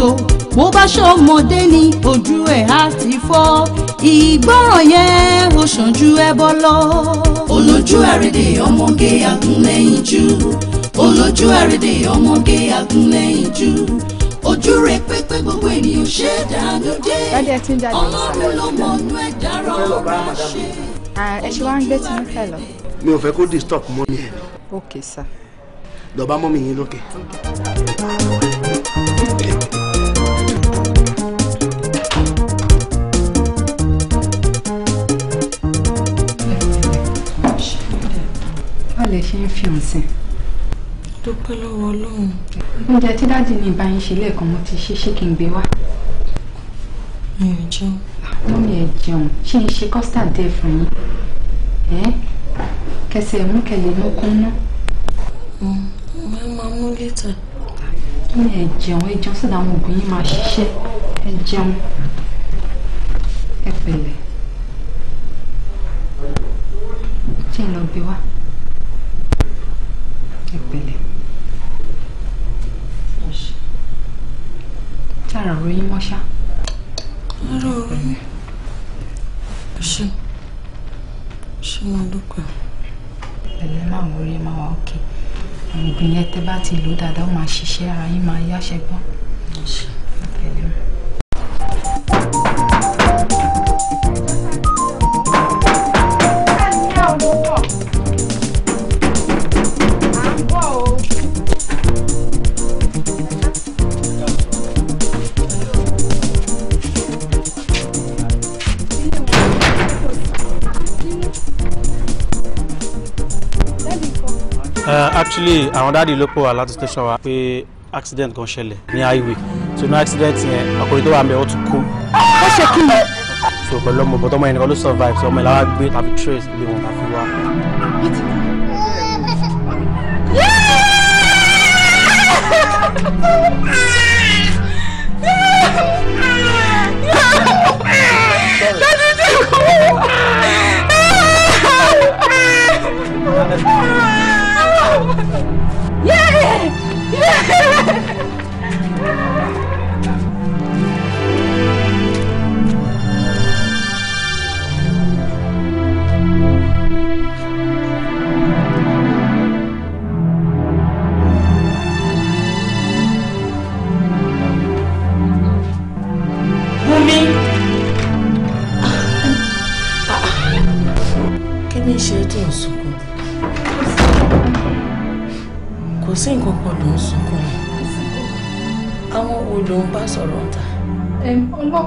tó bó bá ṣọmọdé ni ojú ẹ̀ á ti fọ́ ìgbọràn yẹn ó sàn ju ẹbọ lọ. olójú àrédè ọmọge agúnlẹ́yìn jù olójú àrédè ọmọge agúnlẹ́yìn jù ojú rẹ pépé gbogbo ènìyàn ṣe dànù ọlọ́run ló mọ ọdún ẹ̀ dárọ̀ ọ̀gá ṣe. ẹ ṣe wá ń gbé tí mo fẹ́ lọ. mi ò fẹ́ kó disturb mọ́mí ẹ̀ ni. ok sir. lọ bá mọ́mí yín lókè. Okay. lẹ ṣe ń fi hàn sí. dúpẹ́ lọ́wọ́ ọlọ́run. oúnjẹ tí dáàdì ní ìbá yín ṣe lẹ́ẹ̀kan mo ti ṣe ṣé kí n gbé wá. mi ò jẹun. wọ́n ah, mi ẹ̀ jẹun ṣé n ṣe custard dẹ̀ fún yín. kẹsẹ̀ mú kẹlẹ̀ mú kún ná. máa mm, máa mú lítà. mi ẹ̀ jẹun ẹ jẹun sọ́dọ̀ àwọn òògùn yín máa ṣiṣẹ́ ẹ jẹun ẹ pẹ̀lẹ́ tí ń lọ gbé wá ìpele tára ọ̀rọ̀ yín mọ́ṣá. ọ̀rọ̀ ṣe ṣe mo dúpẹ́. ẹ̀lẹ́ máa ń wọlé máa wà òkè àwọn òògùn yẹn tẹ́ bá ti lò dáadáa ó máa ṣiṣẹ́ ara yín máa yá ṣẹ́gbọ́n. ẹ̀lẹ́ mi. Uh, actually àwọn dáàdi ló pọ̀ wá láti station wa pé accident kan ṣẹlẹ̀ ní highway so ní accident yẹn ọkùnrin tó wà mẹ́ ọ tún kú. ó ṣe kí ni. so pẹ̀lú ọmọ bọ́tọ́ ọmọ yẹn ló survive so ọmọ yẹn làwọn gbé tàbí trace lé wọn tàbí wá. That's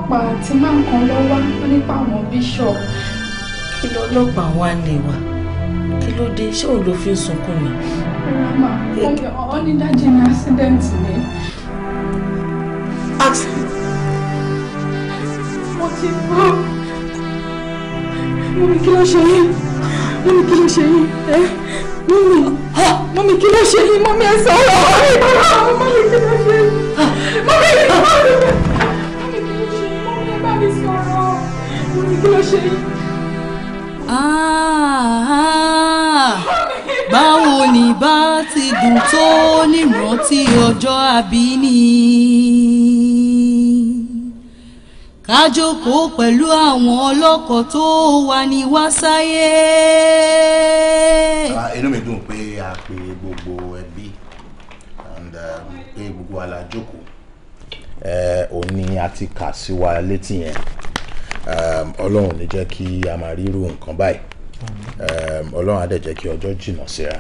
ọlọ́pàá ti máa ń kan lọ́wọ́ wá nípa àwọn bíṣọ̀pù. kí ló ọlọ́pàá wá lè wà kí ló dé ṣé òun ló fi ń sunkún mi. rama ọ ní dájú ní accident ni. mo ti gbọ́ mọ́mí kí ló ṣe yín mọ́mí kí ló ṣe yín ẹ́ mọ́mí mọ́mí kí ló ṣe yín mọ́mí ẹ sọ̀rọ̀ mọ́mí kí ló ṣe yín mọ́mí. kí ló ṣe yìí. Ah, báwo ni bá ti dùn tó nírántí ọjọ́ àbíní kájókòó pẹ̀lú àwọn ọlọ́kọ̀ tó wà ní wásáyé. Ah, inú mi dùn pé a pe gbogbo ẹbí and um, pé gbogbo alájókòó eh, òní àti kà sí wa létí yẹn Ehm, ọlọ́run ní jẹ́ kí a máa ríru nǹkan báyìí ehm, ọlọ́run á dẹ̀ jẹ́ kí ọjọ́ jìnnà síra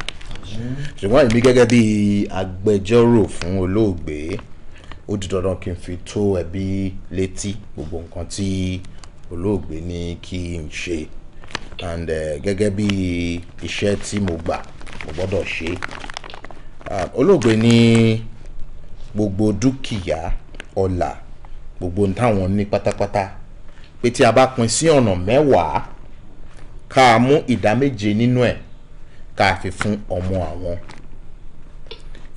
ṣùgbọ́n èmi gẹ́gẹ́ bí agbẹjọ́rò fún olóògbé ó di dandan kí n fi tó ẹbí létí gbogbo nǹkan tí olóògbé ní kí n ṣe and eh, gẹ́gẹ́ bí iṣẹ́ tí mo gbà mo gbọ́dọ̀ ṣe olóògbé ní gbogbo dúkìá ọlà gbogbo táwọn ní pátápátá pé tí a bá pín sí ọ̀nà mẹ́wàá ká a mú ìdá méje nínú ẹ̀ ká a fi fún ọmọ àwọn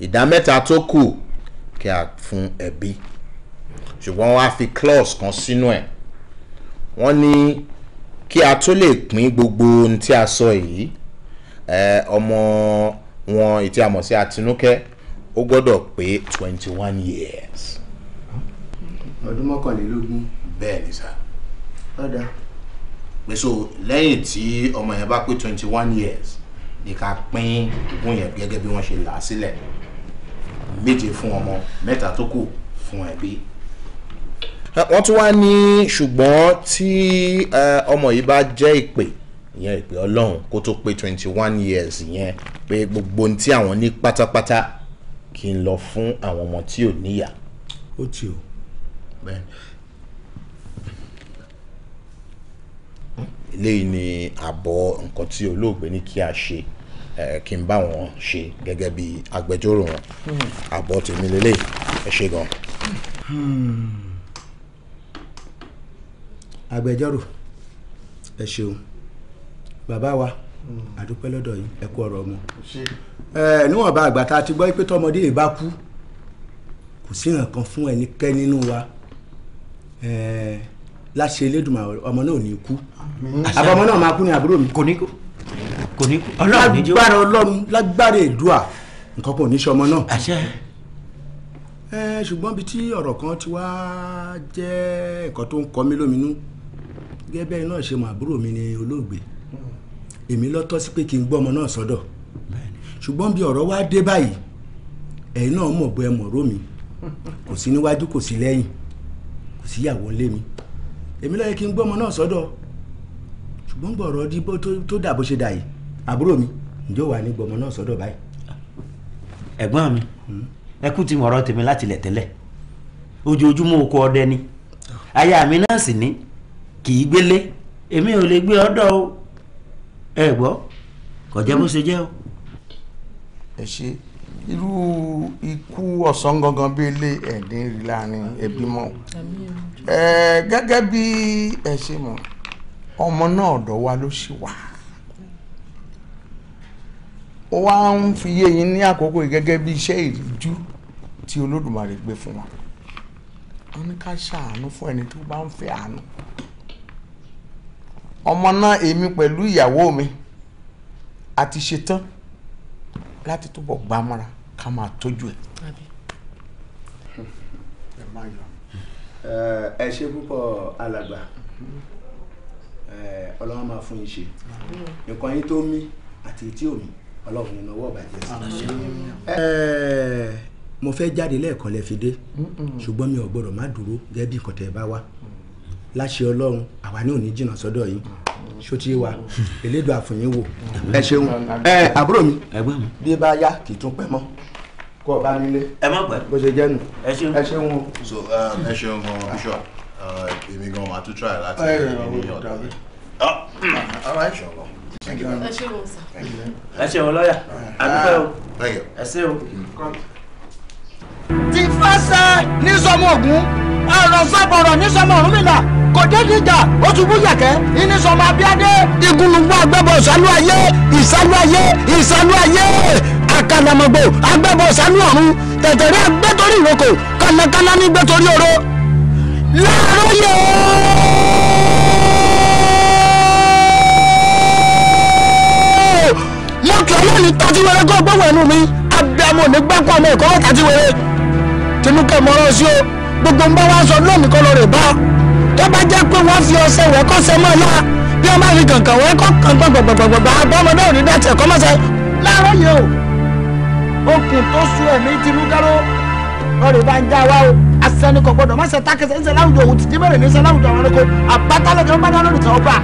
ìdá mẹ́ta tó kù kí a fún ẹbí ṣùgbọ́n wọ́n á fi clause kan sínú ẹ̀ wọ́n ní kí a tó lè pín gbogbo ohun tí a sọ yìí ọmọ wọn ìtí a mọ̀ sí Àtinúkẹ́ ó gbọ́dọ̀ pé twenty one years. ọdún mọ́kànlélógún bẹ́ẹ̀ ni sáà pé so lẹ́yìn tí ọmọ yẹn bá pé twenty one years ni ká pín ogún yẹn gẹ́gẹ́ bí wọ́n ṣe là á sílẹ̀ méje fún ọmọ mẹ́ta tó kù fún ẹbí wọ́n tún wá ní ṣùgbọ́n tí ọmọ yìí bá jẹ́ ìpè ìyẹn ìpè ọlọ́run kó tó pé twenty one years yẹn pé gbogbo ohun tí àwọn ní pátápátá kí n lọ fún àwọn ọmọ tí ò níyà. ó ti o. bẹ́ẹ̀ni eléyìí ni àbọ̀ nǹkan tí olóògbé ní kí a ṣe kí n bá wọn ṣe gẹ́gẹ́ bí agbẹjọ́rò wọn àbọ̀ tèmi lélẹ̀ ẹ ṣe gan. Hmm. agbẹjọ́rò ẹ ṣeun bàbá wa àdúpẹ́ lọ́dọ̀ yìí ẹ kú ọ̀rọ̀ ọmọ níwọ̀n bá àgbà tá a ti gbọ́ pé tọmọdé yìí bá kú kò sí nǹkan fún ẹnikẹ́ni nínú wa láṣẹ Elédùmarè ọmọ náà ò ní kú. Mm. àbámọ́ náà máa kú ní àbúrò mi. kò ní kú kò ní kú ọlọ́run ní lágbára ọlọ́run lágbára èdùà nǹkan kò ní sọmọ náà. àṣẹ. ẹ ṣùgbọ́n bíi tí ọ̀rọ̀ kan ti wá jẹ́ ẹ̀kọ́ tó ń kọ mí lóminú gẹ́gẹ́ bẹ́ẹ̀ ṣe mọ àbúrò mi ni olóògbé èmi lọ́tọ́ sí pé kí n gbọ́ ọmọ náà sọ́dọ̀ ṣùgbọ́n bí ọ̀rọ̀ wá dé báyìí ẹ̀yin náà mọ̀ bọ́ ẹ mọ̀ ró mi kò sí níwájú kò sí lẹ́yìn kò síyàwó ńlé mi èmi ló yẹ kí n gbọ́ ọmọ náà sọ́dọ̀ ṣùgbọ́n gbọ̀rọ̀ di tó dà bó ṣe dà yìí àbúrò mi ǹjọ́ wà ní gbọmọ náà sọ́dọ̀ báyìí. ẹ̀gbọ́n mi hmm? ẹkú ti mọ̀rọ̀ tèmi láti lẹ̀ tẹ́lẹ̀ ojoojúmọ́ oko ọdẹ ni aya mi náà sì ní kì í gbélé èmi ò lè gbé ọ̀dọ̀ o ẹ gbọ́ kò jẹ́ bó ṣe jẹ́ o. ẹ ṣe irú ikú ọ̀sán gangan bíi ilé ẹ̀dín láàrin ẹbí mọ́ ẹ gẹ́gẹ́ bí ẹ ṣe mọ̀ ọmọ náà ọ̀dọ̀ wa ló ṣì wà ó wá ń fi yé yín ní àkókò yìí gẹ́gẹ́ bí iṣẹ́ ìrújú tí olódùmarè gbé fún wa wọn ní ká ṣàánú fún ẹni tó bá ń fẹ́ àánú ọmọ náà èmi pẹ̀lú ìyàwó mi àti ṣetán láti túbọ̀ gbámọ́ra ká máa tọ́jú ẹ̀. ẹ ṣe púpọ̀ alàgbà mm-hmm. Eh, ọlọ́run máa fún yín ṣe nǹkan yín tó mí àti tí ò mí ọlọ́run ọwọ́ ìbàjẹ́ sí eh, mo fẹ́ jáde lẹ́ẹ̀kan lẹ́ẹ̀ dé ṣùgbọ́n mi ò gbọ́dọ̀ má dúró gẹ́gẹ́ bí nǹkan tẹ́ ẹ bá wá láṣẹ ọlọ́run àwa ní òní jìnnà sọ́dọ̀ yìí sotí wa elédò àfòyín wò ẹ ṣeun ẹ eh, àbúrò mi bí bá yá kì í tún pẹ́ mọ́ kó o bá nílé bó ṣe jẹ́ ẹ ṣeun ẹ ṣeun bíṣọ èmi gan wàá tún try láti ní ọ̀dọ́ mi. ọ̀rọ̀ ìṣòro. ẹ ẹ ṣe wọn lọ́yà àdúpẹ́ o ẹ ṣe o. ti fẹsẹ̀ ní sọmọ ògún ọ̀rọ̀ sábọ̀rọ̀ ní sọmọ Ọ̀rúnmìlà kò dé níjà ó tún bú yàkẹ́ iní sọmọ abíadé igúnnugbo agbẹ́bọ̀ ìsálú ayé ìsálú ayé ìsálú ayé àkàlàmọ̀gbò agbẹ́bọ̀ ìsálú ọ̀run tẹ̀tẹ̀rẹ́ agbẹ́torí ìrókò kànàkànà ní gbẹ́torí oró Láròyé. mo kì ọ́ lónìí tajiwere kó o gbọ́ wẹ̀nu mi abiyamọ ò ní gbá pọ̀ ọmọ ìkọ́wọ́ tajiwere tinú kẹ́ mọ́ ọ́rọ́ sí o gbogbo ń bá wa sọ lónìí kọ́ lọ rè bá tó bá jẹ́ pé wọ́n fi ọṣẹ wẹ̀ kọ́ sẹ́ mọ́ náà bí wọ́n bá fi kàǹkà wọ́n kọ́ kàǹkà gbọ̀gbọ̀gbọ̀gbọ̀ abọ́mọ náà rí dàtí ẹ̀kọ́ mọ́sẹ̀ Láròyé o okùn tó sú ẹ̀mí tinú káró lọ́ọ̀rì bá ń já wa o asẹnikọ gbọdọ má ṣe tákẹsẹ ń ṣe láwùjọ òun ti dín mẹrin ní ṣe láwùjọ àwọn ẹranko àbátálẹ kan bá dáná lùtà ọba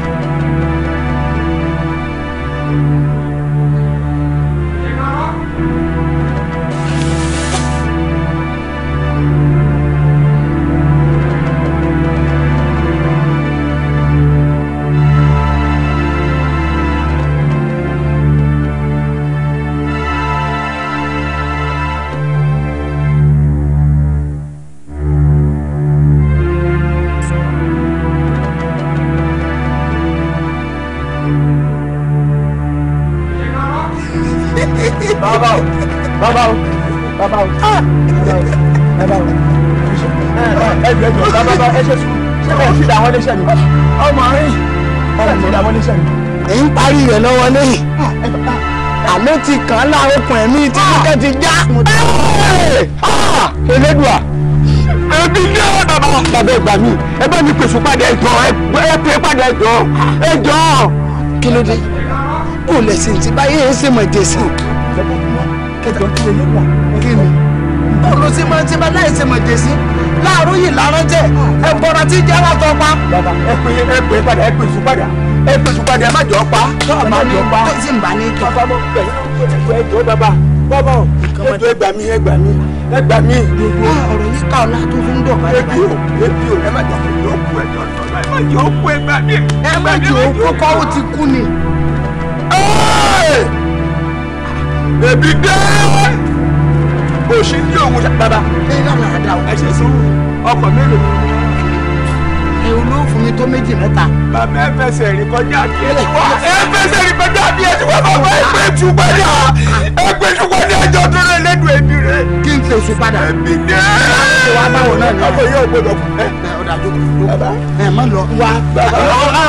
bá ẹ ṣe sùn ṣé kò sí ìdáwọ́lé ṣẹ̀ ọmọ rẹ ọmọ mi ìdáwọ́lé ṣẹ̀ ni. ẹ ń parí rẹ̀ lọ́wọ́ lẹ́yìn ah, ah. àló ti kàn án láàrúkọ ẹ̀mí tí kíkẹ́ ti já. Ah, elédùà ẹbí ní ọ̀dọ̀ bàbá bàbá mi ẹ mi pèsè padà ẹjọ ẹ padà ẹjọ ẹjọ. kí ló dé kò lẹ̀sìn tí báyé ń ṣe mọ̀ jẹ̀sìn. kẹjọ kí lè lè wà kí ni báwo ló ṣe máa ń ṣe máa láì ṣe mọ̀ jẹ̀sìn láàárọ̀ yìí láránjẹ́ ẹ bọ́ra tí jẹ́ látọ̀ pa. bàbá ẹ pè é pè é padà ẹ pè é sùn padà ẹ pè é sùn padà ẹ má jọ pa. ẹ má jọ pa ẹ sì ń bá ní tọ. bàbá mo bẹ̀ ẹ jọ bàbá bàbá o ẹ jọ ẹ gbà mí ẹ gbà gbogbo ọ̀rọ̀ yìí ká ọ̀la tó fún dọ̀ báyìí. ebi o ebi o ẹ má jọ òkú ẹ jọ ẹ má jọ òkú ẹ gbà ẹ má jọ òkú kọ́ ó ti kú ni. ebi dé bó ṣe ń lé òun bàbá ẹ lára àdá ẹ ṣe sún ọkọ̀ mélòó. ẹ olóòfù mi tó méjì mẹ́ta. bàbá ẹ fẹsẹ̀ rìn kọjá bí ẹ ti wá ẹ fẹsẹ̀ rìn kọjá bí ẹ ti wá bàbá ẹ fẹ́ tu gbọ́dọ̀. Ah, ah, ah àgbẹ̀dúgbò ni àjọ̀dún rẹ̀ lẹ́nu ẹbí rẹ̀. kí n tẹ oṣù padà. ẹbí ni ẹ. ṣé wàá náà ni. ọkọ yóò gbọ́dọ̀ kù. ẹ ẹ má lọ wá. bàbá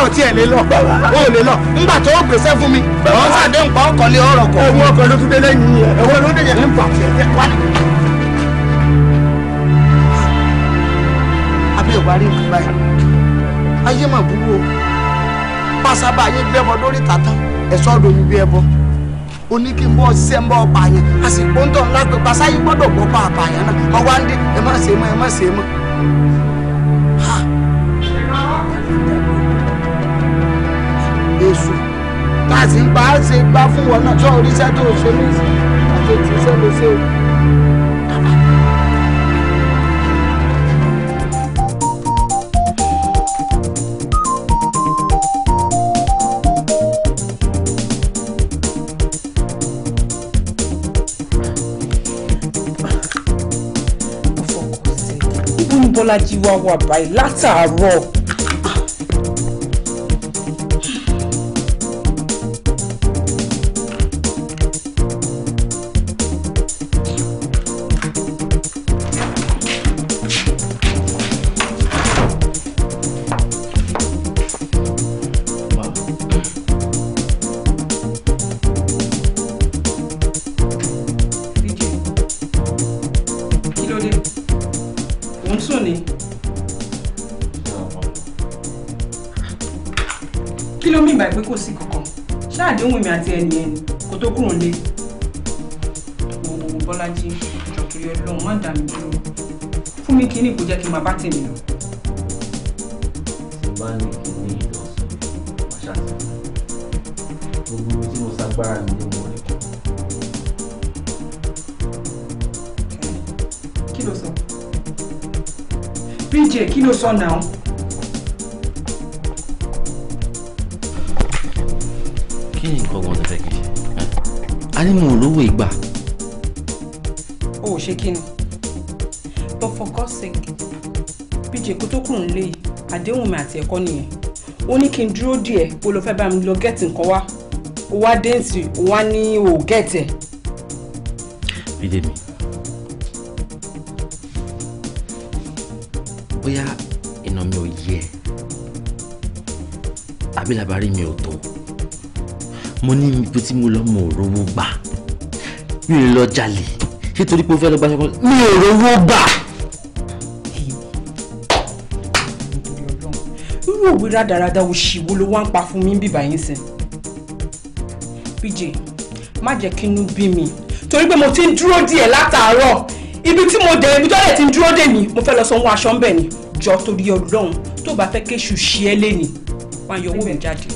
ọ̀rọ̀ tí ẹ lọ. bàbá o lè lọ. ńgbà tó o gbèsè fún mi. bàbá ọ̀sán àdéhùn pa ọkọ̀ lé kọ. ẹ̀wọ̀n ọkọ̀ ló tún dé lẹ́yìn yẹn. ẹ̀wọ̀n ló dé yẹn bí ìwà rí nǹkan báyìí ayé mà burú o ayé gbẹbọ lórí tàtà ẹ̀sọ́ lóyún oní kí n bọ́ ṣiṣẹ́ ń bọ́ ọ̀pá yẹn àsìkò ń tọ̀ ńlá pé pasáyé gbọ́dọ̀ gbọ́ pa àpá yẹn náà ọwọ́ á ń dé ẹ má ṣe mọ́ ẹ má ṣe mọ́. èso tá a sì ń pa á ṣe gbá fún wọn náà tó oríṣẹ́ tó ṣe ní ìsìn àti ìtìsẹ́ ló ṣe o. Bọ́lájí wá wà báyìí látàárọ̀. àdéhùn mi àti ẹnì ẹni kó tó kúrò lé òwò bọ́lájí ìjọkiri ọlọ́run má dà mí dúró fún mi kínní kò jẹ́ kí n máa bá tèmi lọ. tí bá ní kí ní ìlọsọ àṣà tí gbogbo tí mo ṣagbára mi ní mo rí kọ. kí ló sọ bíjẹ kí ló sọ náà. kí ni nǹkan gan-an tẹ́fẹ́ kí n ṣe. a ní mo lówó ìgbà. o ò ṣe kí ni but for God's sake bíjì kó tó kù ń lé àdéhùn mi àti ẹ̀kọ́ nìyẹn ó ní kí n dúró díẹ̀ ó lọ fẹ́ bá mi lọ gẹ́ẹ̀tì nǹkan wá ó wá déǹtì ó wá ní ò gẹ́ẹ̀tì ẹ̀. bídèmí bóyá iná mi ò yẹ àbí làbárí mi ò tó mo ní ibi tí mo lọ mo rówó gbà mi ò lọ jalè ṣé torí pé o fẹ́ lọ gba ṣọkọ mi ò rówó gbà. irú òwe rádaràda òṣìwò ló wá ń pa fún mi bíbá yín sìn pj má jẹ́ kí inú bí mi torí pé mo ti ń dúró díẹ̀ látàárọ̀ ibi tí mo dé ibi tó lè ti ń dúró dè mí mo fẹ́ lọ sanwó aṣọ ń bẹ̀ ni jọ torí ọlọ́run tó bá fẹ́ kéṣù ṣí ẹ lé ni wọ́n á yọ owó mi jáde.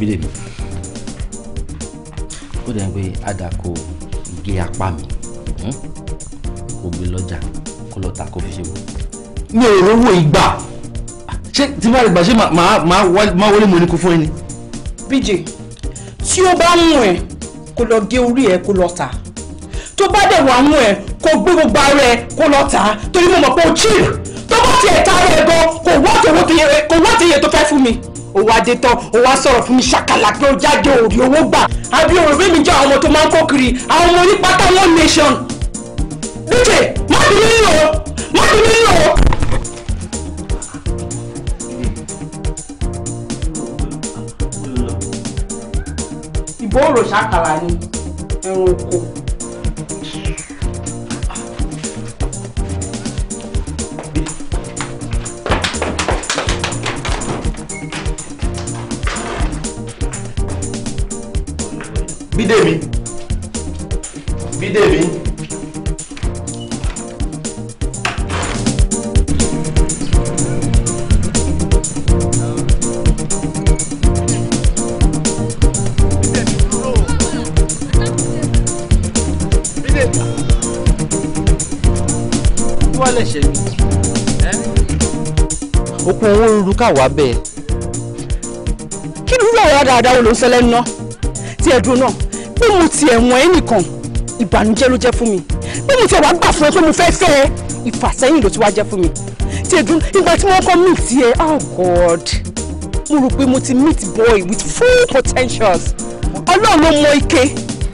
bídèmí ó dẹ̀ ń pé àdàkọ gé apá mi hmm? kò gbé lọ́jà kó lọ́ọ́ ta kó fi ṣe wò. mi ò rówó ìgbà ṣé tí bá rí gbà ṣé máa wọlé mo ní kó fún ẹ ni. bíjì tí ó bá ń wọ̀ ẹ́ kó lọ gé orí ẹ kó lọ tà tó bá dẹ̀ wà mú ẹ kó gbé gbogbo ara ẹ kó lọ tà torí mo mọ̀ pé o chill tó bá tiẹ̀ ta ara ẹ gan kò wá tòwó kò wá tìyẹ tó fẹ́ fún mi ó wá dé tán ó wá sọ̀rọ̀ fún mi ṣàkàlà pé ó jáde òòrì owó gbà àbí òòrì bẹ́ẹ̀ mi jẹ́ àwọn ọmọ tó máa ń kó kiri àwọn ọmọ onípátá one nation lékè má bínú yìí o má bínú yìí o. ìbò òrò ṣàkàlà ni ẹran oko. bídèmí bídèmí. wálẹ̀ ṣe mí. okun owó ruru káwa bẹ́ẹ̀. kí ni wúlò ọ̀rọ̀ dáadáa wo ló ń ṣẹlẹ̀ ń ná tí ẹ dúró náà bí mo ti ẹ̀wọ̀n ẹnìkan ìbànújẹ́ ló jẹ́ fún mi bí mo ti wàá gbà fún ẹ pé mo fẹ́ fẹ́ ẹ ìfàsẹ́yìn ló ti wá jẹ́ fún mi tí èdè ìgbà tí wọ́n kọ́ meet yẹ oh god mo rò pé mo ti meet boy with full potentials ọlọ́run ló mọ ike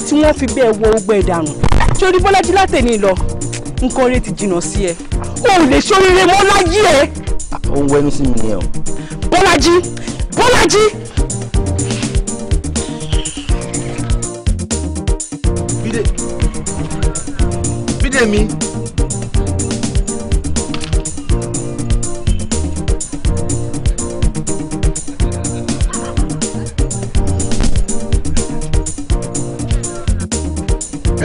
tí wọ́n fi bẹ́ẹ̀ wọ ọgbẹ́ ìdànù torí bọ́lájí látẹ̀ni lọ nǹkan rẹ ti jìnnà sí ẹ o ò lè ṣoríire mọ́ láyé ẹ. ó ń wẹnu sí mi ni ẹ o. bọ́lájí bọ́lájí tèmi.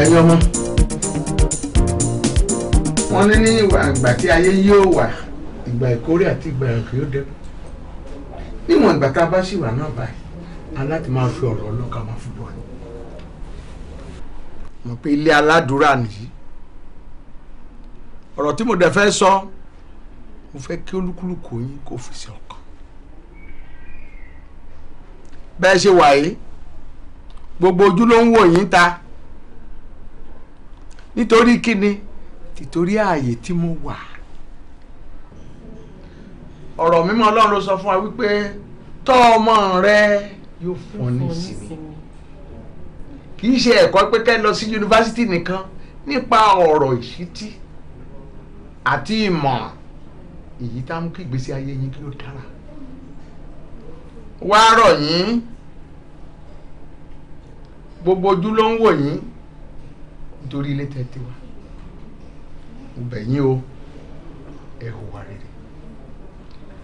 ẹ̀yin ọmọ wọ́n ní ní ìwà ìgbà tí ayé yóò wà ìgbà ìkórè àti ìgbà ìrọ̀kì yóò dẹ́kun níwọ̀n ìgbà tá a bá sì wà náà báyìí aláti máa fi ọ̀rọ̀ ọlọ́ka máa fi bọ̀ ni. mọ̀ pé ilé aládùúrà nìyí ọ̀rọ̀ tí mo dẹ̀ fẹ́ sọ mo fẹ́ kí olúkúlùkù yín kó fi sí ọkàn bẹ́ẹ̀ ṣe wà yìí gbogbo ojú ló ń wò yín ta nítorí kíni tìtorí ààyè tí mo wà ọ̀rọ̀ mímọ́ ọlọ́run sọ fún wa wípé tọ́ ọmọ rẹ yóò fún ní ìsinmi kì í ṣe ẹ̀kọ́ pé kẹ́ lọ sí yunifásitì nìkan nípa ọ̀rọ̀ ìṣítí àti ìmọ̀ràn èyí tá mú kí ìgbésí ayé yín kí ó dára wá rọ̀ yín gbogbo ojú ló ń wò yín nítorí ilé tẹ́tí wa mo yín o ẹ hùwà rere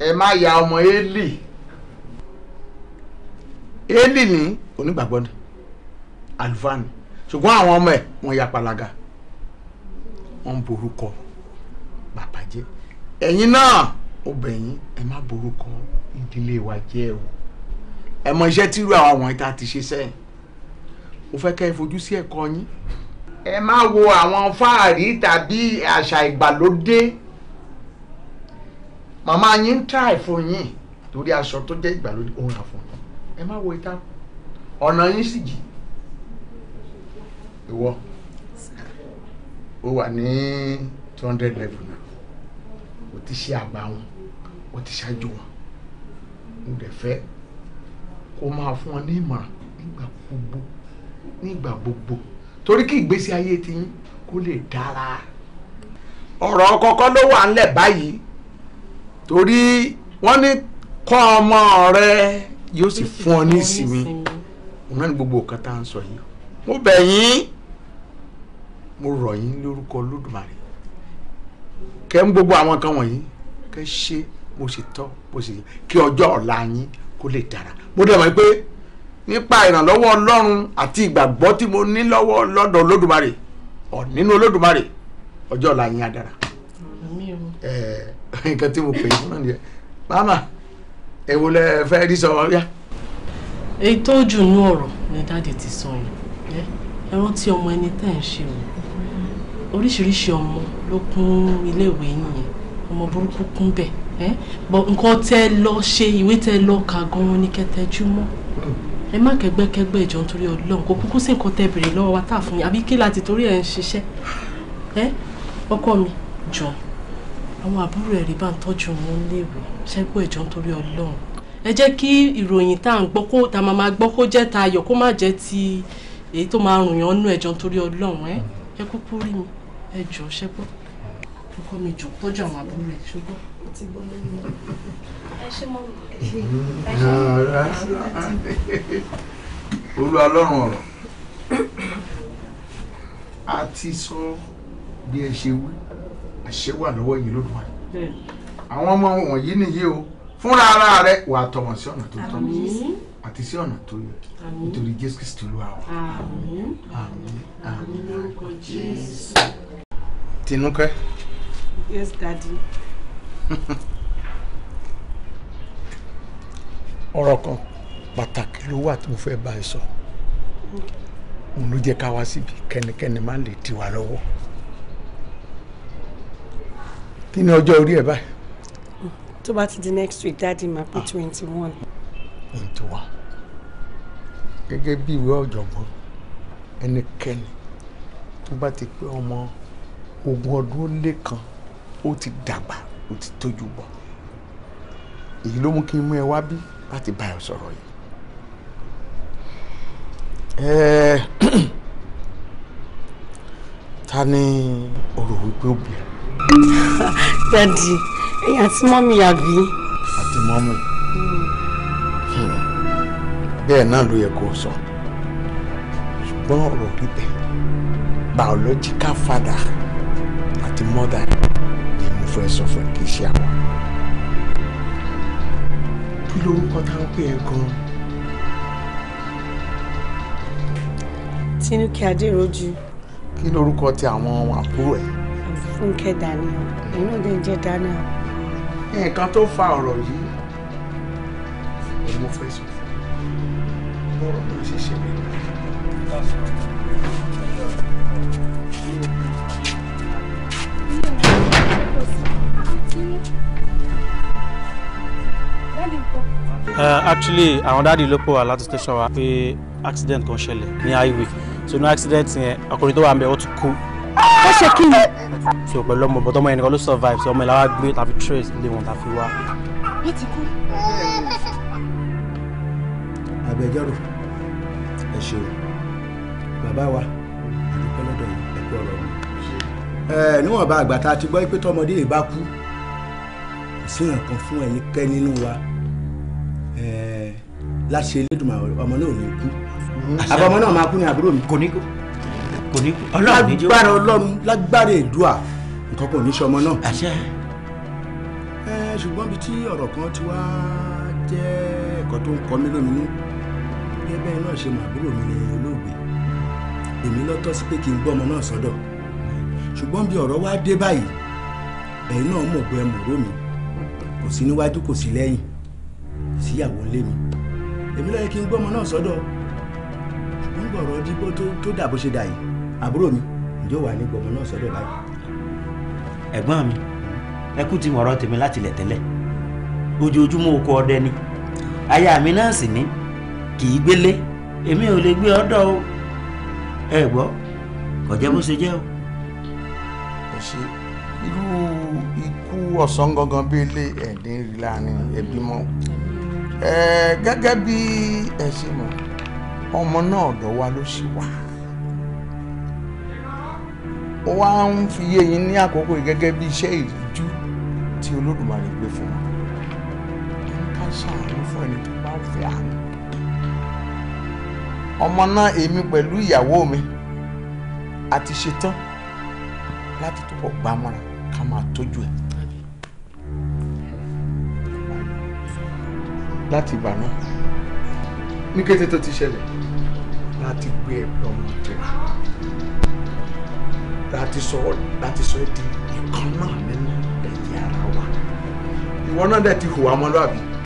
ẹ má ya ọmọ Élì Élì ní onígbàgbọ́ ni àlùfáà ni ṣùgbọ́n àwọn ọmọ ẹ̀ wọ́n ya palaga wọ́n ń borúkọ ẹ̀yin náà obìnrin ẹ má borúkọ ìdílé wa jẹ́ o ẹ mọ iṣẹ́ tírú àwọn àwọn ìta ti ṣe sẹ́yìn mo fẹ́ kẹ́ ẹ fojú sí ẹ̀kọ́ yín ẹ má wo àwọn fáàrí tàbí àṣà ìgbàlódé màmá yín ń tà fún yín torí aṣọ tó jẹ́ ìgbàlódé òun là fún yín ẹ má wo ìta ọ̀nà yín sì jì ìwọ ó wà ní two hundred level náà o ti ṣe àgbà wọn o ti ṣáájú wọn mo dẹ̀ fẹ́ kó máa fún wọn ní ìmọ̀ràn nígbà gbogbo nígbà gbogbo torí kí ìgbésí ayé tiyín kó lè dára. ọ̀rọ̀ kọ́kọ́ ló wà ńlẹ̀ báyìí torí wọ́n ní kọ́ ọmọ rẹ yóò sì fún ọ ní ìsinmi òun náà ní gbogbo nǹkan tá à ń sọ yìí mo bẹ̀ yín mo rọ̀ yín lórúkọ Olódùmarè kẹ́ ń gbogbo àwọn kan wọ̀nyí kẹ́ ṣe mo sì tọ́ mo sì kí ọjọ́ ọ̀la yín kó lè dára mo dẹ̀ mọ̀ pé nípa ìrànlọ́wọ́ ọlọ́run àti ìgbàgbọ́ tí mo ní lọ́wọ́ lọ́dọ̀ olódùmarè ọ̀ nínú olódùmarè ọjọ́ ọ̀la yín á dára nǹkan tí mo pè é náà nìyẹn mama èwo lẹ fẹ́ rí sọ yá. ètò òjùnú ọ̀rọ̀ ni dáàdi ti sọ yìí ẹ rántí ọmọ ẹni tẹ́ ẹ̀ ń ṣe o oríṣiríṣi ọmọ ló kún iléèwé nìyẹn ọmọ burúkú kún bẹ̀ ẹ́ bọ̀ nǹkan tẹ́ lọ ṣe ìwé tẹ́ lọ kà gan-an ní kẹtẹ́jú mọ́ ẹ má kẹgbẹ́kẹgbẹ́ ìjọ nítorí ọlọ́run kò kúkú sí nǹkan tẹ́ bèrè lọ́wọ́ wa tá a fún yín àbí kí láti torí ẹ̀ ń ṣiṣẹ́ ẹ ọkọ mi jọ àwọn àbúrò ẹ̀ rí bá ń tọ́jú wọn léèwé ṣẹ́gbọ́n ìjọ nítorí ọlọ́run ẹ jẹ́ kí ìròyìn tá à ń gbọ́ kó tá a máa máa gbọ́ kó jẹ́ ta ayọ̀ kó má jẹ́ ti èyí tó máa rùn yàn nú ẹ̀jọ̀ nítorí ọlọ́run ẹ ẹ kúkú rí mi ẹ jọ ṣẹ́gbọ́n ọkọ mi jù tọ́jú àwọn àbúrò rẹ̀ ṣùgbọ́n ó ti gbọ́ lórí mi. ẹ ṣe mọ ẹ ṣe ẹ ṣe láti. olú alọ́run ọ̀rọ̀ a ti sọ bí ẹ ṣe wí àṣẹ wà lọ́wọ́ yìí ló wà àwọn ọmọ wọ̀nyí nìyí o fúnra ara rẹ wàá tọmọ sí ọ̀nà tó tọ́ àti sí ọ̀nà tó yẹ nítorí jésù kristu ló wà wá. àmín àmín àmín lórúkọ jésù. tinúkẹ́. Yes, Daddy. ọ̀rọ̀ kan pàtàkì ló wà tí mo fẹ́ bá ẹ sọ òun ló jẹ́ ká wá síbi kẹ́nikẹ́ni má lè ti lọ́wọ́ kí ni ọjọ́ orí ẹ báyìí. tó bá ti di next week Daddy máa pé twenty ah. one. twenty one gẹ́gẹ́ bí ìwé ọ̀jọ̀gbọ́n ẹnikẹ́ni tó bá ti pé ọmọ ogún ọdún ó lé kan ó ti dàgbà ó ti tójú bọ̀ èyí ló mú kí n mú ẹ wá bí láti bá ẹ sọ̀rọ̀ yìí. ta ni o wípé ó ẹ. dadi ẹ̀yin àti mọ́mí àbí. àti mọ́mí hmm. bẹ́ẹ̀ náà ló yẹ kó o sọ ṣùgbọ́n ọ̀rọ̀ rí bẹ́ẹ̀ biological father àti mother sọfún ẹ sọfún ẹ kì í ṣe àwọn. kí lorúkọ tá ń pè ẹ gan. Tinúkẹ́ Adérójú. kí lorúkọ ti àwọn àbúrò ẹ. Fúnkẹ́ Daniel èyí náà dé ń jẹ́ Daniel. nǹkan tó fa ọ̀rọ̀ yìí ni mo fẹ́ sọ fún un bọ́ọ̀rọ̀ náà ṣe ṣẹlẹ̀. Uh, actually àwọn dáàdi ló pọ̀ wá láti station wa pé accident kan ṣẹlẹ̀ ní highway so ní accident yẹn ọkùnrin tó wà ń bẹ ó ti kú. ó ṣe kí ni. so pẹ̀lú ọmọ bọ́tọ́ ọmọ ẹnìkan ló survive so ọmọ ìlàwá gbé tàbí trace lé wọn tàbí wá. wọ́n ti kú. àgbẹjọ́rò ẹ ṣeun bàbá wa àdúgbò lọ́dọ̀ yìí ẹgbẹ́ ọ̀rọ̀ mi. ẹ níwọ̀nba àgbà tá a ti gbọ́ pé tọmọdé yìí bá kú kò sí nǹkan fún ẹnikẹ́ni nínú wa. Eh, láti ṣe elédùnmọ̀ ọmọ náà ò ní kú mm-hmm. àbọ̀mọ́ náà máa kú ní àbúrò mi. kò ní kú kò ní kú ọlọ́run níjó. lágbára ọlọ́run lágbára èdùà nǹkan kò ní ṣe ọmọ náà. àṣẹ. ẹ eh, ṣùgbọ́n bíi tí ọ̀rọ̀ kan ti wá jẹ́ ẹ̀kọ́ tó ń kọ́ mi lóminú gẹ́gẹ́ náà ṣe mọ̀ àbúrò mi ní olóògbé èmi lọ́tọ́ sí pé kí n gbọ́ ọmọ náà sọ́dọ̀ ṣùgbọ́n bí ọ̀rọ̀ wá dé báyìí ẹ̀yin náà mọ̀ pé ẹ mọ̀ mi kò sí níwájú kò sí lẹ́yìn síyàwó ńlé mi èmi ló yẹ kí n gbọ́mọ náà sọ́dọ̀ ṣùgbọ́n gbọ̀rọ̀ dípò tó dà bó ṣe dà yìí àbúrò mi ǹjọ́ wà ní gbọ̀mọ náà sọ́dọ̀ báyìí. ẹ̀gbọ́n mi ẹkú ti mọ̀rọ̀ tèmi láti ilẹ̀ tẹ́lẹ̀ ojoojúmọ́ oko ọdẹ ni aya mi náà sì ní kì í gbélé èmi ò lè gbé ọ̀dọ̀ o ẹ gbọ́ kò jẹ́ bó ṣe jẹ́ o. ẹ ṣe irú ikú ọ̀sán gangan bíi ilé ẹ̀dínrín láàrin ẹbí mọ́ gẹ́gẹ́ bí ẹ ṣe mọ̀ ọmọ náà ọ̀dọ̀ wa ló ṣì wà ó wá ń fi yé yín ní àkókò yìí gẹ́gẹ́ bí iṣẹ́ ìrújú tí olódùmarè gbé fún wa ká ṣàánú fún ẹni tó bá fẹ́ àánú ọmọ náà èmi pẹ̀lú ìyàwó mi àti ṣetán láti túbọ̀ gbámọ́ra ká máa tójú ẹ̀. láti ìgbà náà ní kété tó ti ṣẹlẹ̀ láti gbé ẹ̀rọ ọmọ tẹ̀lé láti sọ láti sọ di ìkan náà nínú ẹ̀yà ara wa ìwọ náà dẹ̀ ti hùwà ọmọlúwàbí.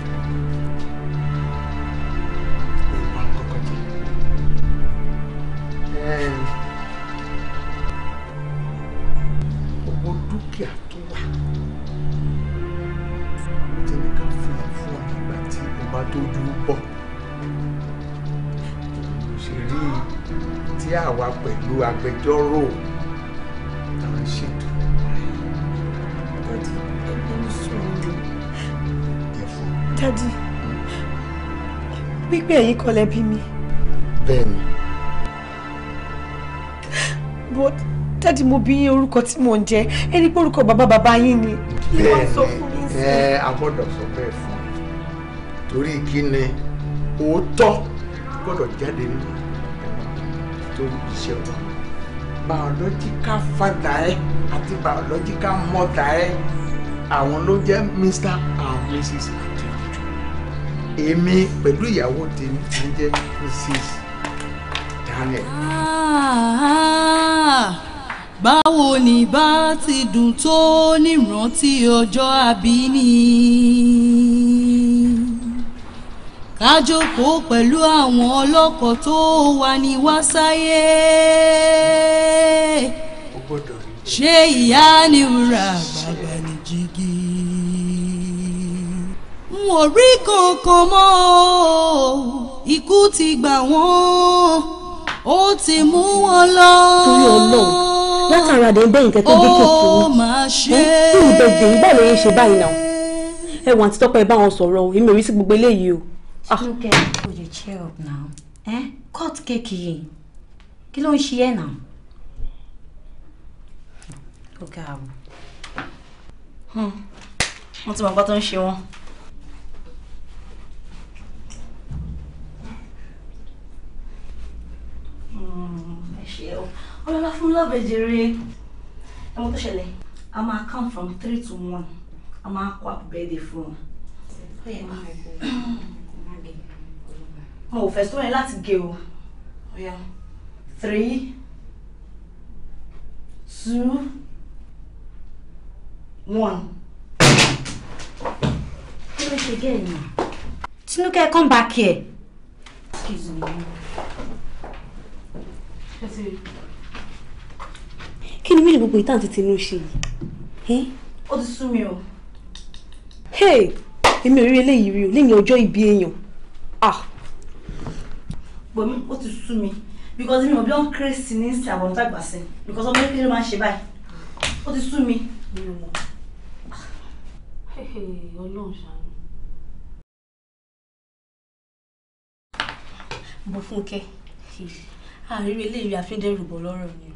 ẹ̀yin kọ́ lẹ bí mi. bẹ́ẹ̀ni. bó dáàdi mo bí orúkọ tí mò ń jẹ ẹni pé orúkọ bàbá bàbá yín ni. bẹ́ẹ̀ni ẹ a gbọ́dọ̀ sọ bẹ́ẹ̀ fún mi torí kí ni òótọ́ gbọ́dọ̀ jáde nínú torí iṣẹ́ wa biological father ẹ àti biological mother ẹ àwọn ló jẹ́ mr and mrs èmi pẹ̀lú ìyàwó tèmi ti jẹ́ mrs daniel. Ah, báwo ni bá ti dùn tó nírántí ọjọ́ àbí ni ká pẹ̀lú àwọn ọlọ́kọ̀ tó wà ní wásáyé ṣé ìyá ni wúrà bàbá. n ò rí kankan mọ́ ikú ti gbà wọ́n ó ti mú wọn lọ. látara àdé bẹ́yìn kẹ́tọ́ bí kòkòrò ó máa ṣe é. bí ìbejì ṣe báyìí náà ẹ̀wọ̀n àti tọ́pẹ́ bá wọn sọ̀rọ̀ èmi ò rí sí gbogbo eléyìí o. Tinuke would you cheer up now eh? cut cake yìí kí ló ń ṣe ẹ̀ náà. ó àwọn wọ́n ti mọ̀ nǹkan ń ṣe wọ́n. ẹ ṣe o ọlọ́lá fún lọ́bẹ̀jẹ̀rẹ̀ ẹ̀mọ́ tó ṣẹlẹ̀ a máa come from three to one a máa kó àpò bẹ́ẹ̀dẹ̀ fún un. mo ò fẹ́ sọ́yìn láti gé o three two one. kí ló ṣe gẹ́ẹ̀ yìí. Tinuke, come back here. Excuse me kí ni mí ní gbogbo ìtàn àti tinú ṣe yìí. ó ti sú mi o. èmi ò rí eléyìí rí o lẹ́yìn ọjọ́ ìbí èèyàn. gbòmí ah! ó ti sú mi because mi ò bí wọn kéré sí ní ìsìn àwọn ọ̀tá gbàsẹ̀ because ọmọ kékeré máa ń ṣe báyìí ó ti sú mi. ọlọ́run ṣàánú. bó fúnkẹ́ àríwé eléyìí àfíndẹ́rùbọ̀ lọ́rọ̀ ni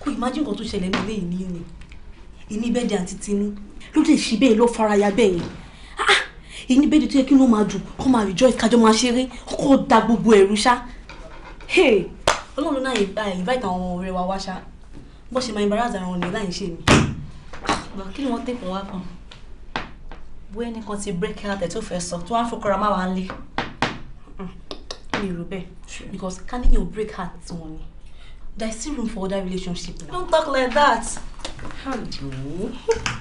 kò ìmájú nǹkan tó ṣẹlẹ̀ ní eléyìí ní ni ìní bẹ́ẹ̀dì àti tinú ló dé sí bẹ́ẹ̀ ló faraya bẹ́ẹ̀ yẹn ah, ah! ìní bẹ́ẹ̀dì tó yẹ kí ló máa dùn kó máa rejoice kájọ máa ṣeré kó da gbogbo ẹ̀rú ṣá ọlọ́run náà invite àwọn ọ̀rẹ́ wa wá ṣá bó ṣe máa embarrass ara wọn ní láì ṣe mi. kí ni wọ́n tẹ̀kùn wá fún un bóyá ẹnìkan ti break out ẹ̀ tó fẹ́ sọ tó wá fọkàrà má wàá mi rò bẹ́ẹ̀ because ká ní break heart wọn ni there is still room for other relationship now. don't talk like that. hello.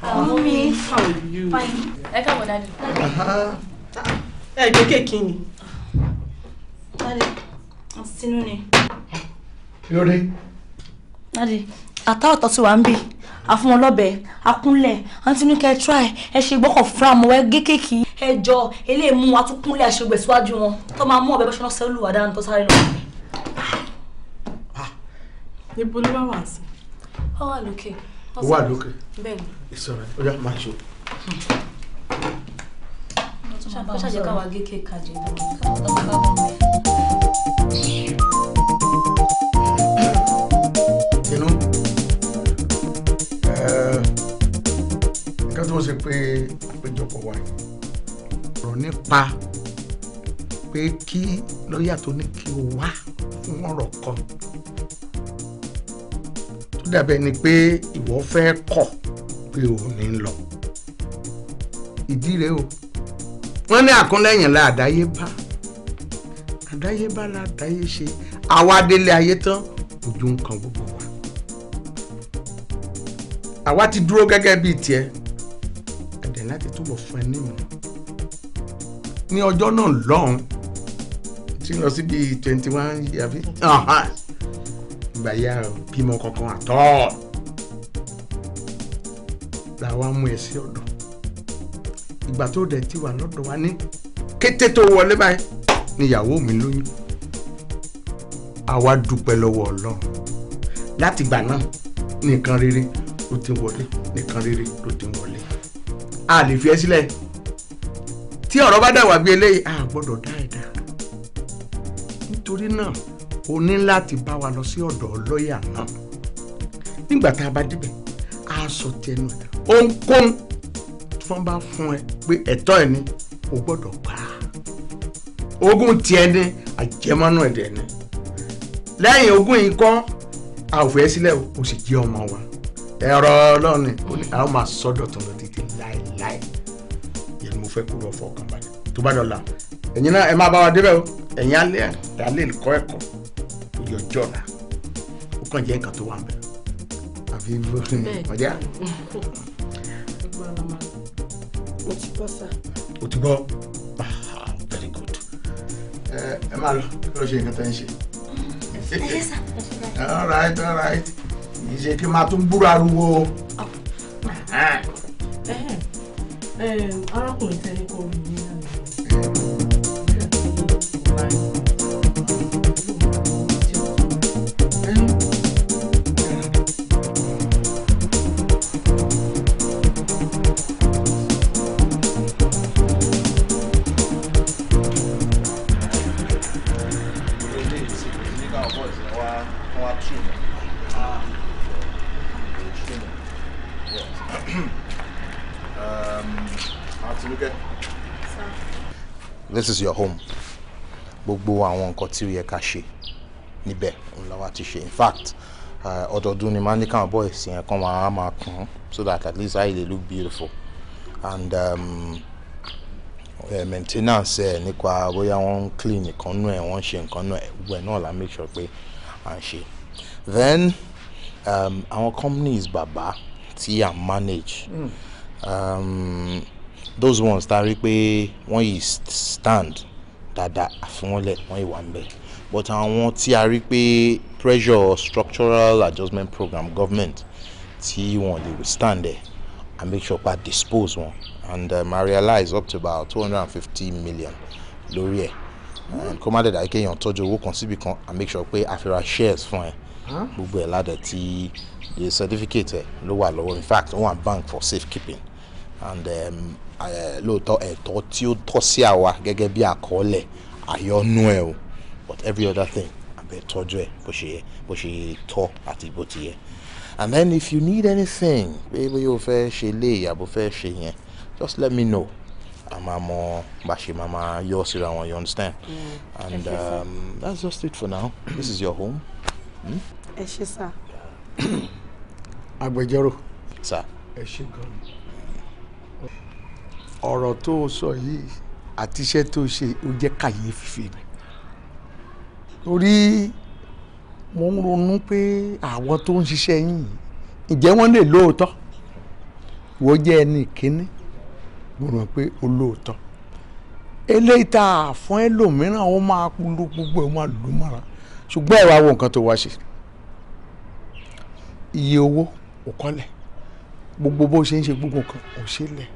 hello me? how are ah, you. fine. ẹ káàbọ̀ dáadé. Uh-huh. ẹ gbé kéèkì ni. dáadé àti tinú ni. lórí. dáadé àtàwọ̀tọ̀ tí wàá ń bì àfún wọn lọ́bẹ̀ akúnlẹ̀ antinúkẹ́ try ẹ ṣe gbọ́kàn fúnra mọ́ ẹ gé kéèkì ẹjọ́ eléyìí mú atúnkúnlẹ̀ àṣegbè síwájú wọn tó máa mú ọ̀bẹ bọ́ṣọ́nà sẹ́lù àdáni tó sáré lọ. Ah, níbo ló wá wà sí. ó wà lókè. ó wà lókè. bẹ́ẹ̀ ni. ìsọ̀rọ̀ ó yá máa ṣe. ó ṣàjẹ́ká wa gé kéèkì nǹkan tó ṣe pé àpéjọpọ̀ wa yìí ọ̀rọ̀ nípa pé kí lọ́ọ̀yà tó ní kí o wá fún ọ̀rọ̀ kan tó dàbẹ̀ ni pé ìwọ fẹ́ kọ̀ pé ò ní lọ ìdí rèé o wọ́n ní àkúnlẹ̀yìn la àdáyébá àdáyébá la àdáyé ṣe àwa délé ayé tán ojú ń kan gbogbo àwa ti dúró gẹ́gẹ́ bíi tiẹ̀ ẹ̀dẹ̀ láti túbọ̀ fún ẹ nímọ̀ ní ọjọ́ náà lọ́hùn tí ń lọ sí bíi twenty one yàbí ìgbà yà ọ bímọ kankan àtọ́ làwa mú ẹ sí ọ̀dọ̀ ìgbà tó dẹ̀ ti wà lọ́dọ̀ wa ní kété tó wọlé báyìí níyàwó mi lóyún àwa dúpẹ́ lọ́wọ́ ọlọ́run látìgbà náà nìkan rere tó ti wọlé nìkan rere ló ti wọlé a lè fi ẹ sílẹ̀ tí ọ̀rọ̀ bá dà wá bí eléyìí a gbọ́dọ̀ dá ẹ̀dá nítorí náà o ní láti bá wa lọ sí ọ̀dọ̀ lọ́ọ̀yà náà nígbà tá a bá débẹ̀ a sọ tẹnu ohunkóhun tí wọ́n bá fún ẹ pé ẹ̀tọ́ ẹ ni o gbọ́dọ̀ gbà á ogún tiẹ̀ ni àjẹmọ́nú ẹ̀dẹ̀ ni lẹ́yìn ogún yìí kọ́ àwòfẹ́ sílẹ̀ o sì jẹ́ ọmọ wa ẹ̀rọ ọlọ́run ni a máa sọ́dọ̀ tó títí láéláé yẹn ni mo fẹ́ kúrò fọkàn balẹ̀ tó bá dọ̀la ẹ̀yin náà ẹ máa bá wa débẹ̀ o ẹ̀yin alẹ́ alẹ́ kọ́ ẹ̀kọ́ ojú ọjọ́ ọ̀la ó kàn jẹ́ nǹkan tó wà ń bẹ̀ àfi ọ̀dẹ́ à. o ti gbọ́ very good ẹ máa lọ lọ ṣe nǹkan tó ń ṣe. all right all right kì í ṣe kí n máa tún búra ruwo. Ah. Eh. Eh, eh, arákùnrin tẹ́lẹ̀ kò rí ní àná. this is your home gbogbo àwọn nǹkan tí ó yẹ ká ṣe níbẹ̀ ńlá wa ti ṣe in fact uh, ọdọọdún ni máa ní káwọn boys yẹn kan máa máa kún so that at least I dey look beautiful and um, uh, maintenance ẹ eh, nípa bóyá wọ́n ń clean nǹkan nù ẹ̀ wọ́n ń ṣe nǹkan nù ẹ̀ gbogbo náà la make sure pé à ń ṣe then um, àwọn companies bàbá tí à ń manage. Mm. Um, those ones ta rí pé wọ́n yìí stand dáadáa àfihànlẹ̀ wọ́n yìí wà ń bẹ̀ but àwọn tí a rí pé pressure structural adjustment program government tí wọ́n lè withstand ẹ̀ and make sure pa dispose wọn and um, I realize up to about two hundred and fifty million lórí ẹ̀ and commanded má dẹ̀ dàí kéèyàn tọ́jú owó kan síbi kan and make sure pé àfihàn shares fún ẹ gbogbo ẹ̀ ládẹ̀ tí the certificate ẹ̀ ló wà lọ́wọ́ in fact ó wà bank for safekeeping and um, Eh, lóòótọ́ ẹ̀tọ́ tí ó tọ́ sí àwa gẹ́gẹ́ bí àkọọ́lẹ̀ àyọnú ẹ̀ o but every other thing abẹ́ tọ́jú ẹ̀ bó ṣe yẹ bó ṣe tọ́ àti bó ti yẹ and then if you need anything pé bóyá o fẹ́ ṣe lé ìyàbò fẹ́ ṣe yẹn just let me know a máa mọ bá ṣe máa máa yọ síra wọn you understand mm. and um, that's just it for now this is your home. Hmm? ẹ ṣe sá. agbẹjọ́rò. sá. ẹ ṣe gan-an ọ̀rọ̀ tó o sọ yìí àti iṣẹ́ tó o ṣe ó jẹ́ kàyéfì mi torí mo ń ronú pé àwọn tó ń ṣiṣẹ́ yìí ǹjẹ́ wọ́n lè lóòótọ́ ìwọ jẹ́ ẹni kínní mo rò pé o lóòótọ́ eléyìí tá a fún ẹlòmíràn ó máa lu gbogbo ẹ̀ máa lù ú mọ́ra ṣùgbọ́n ẹ̀ wá wo nǹkan tó wá ṣe iye owó ò kọ́lẹ̀ gbogbo bó ṣe ń ṣe gbogbo nǹkan ò ṣe lẹ̀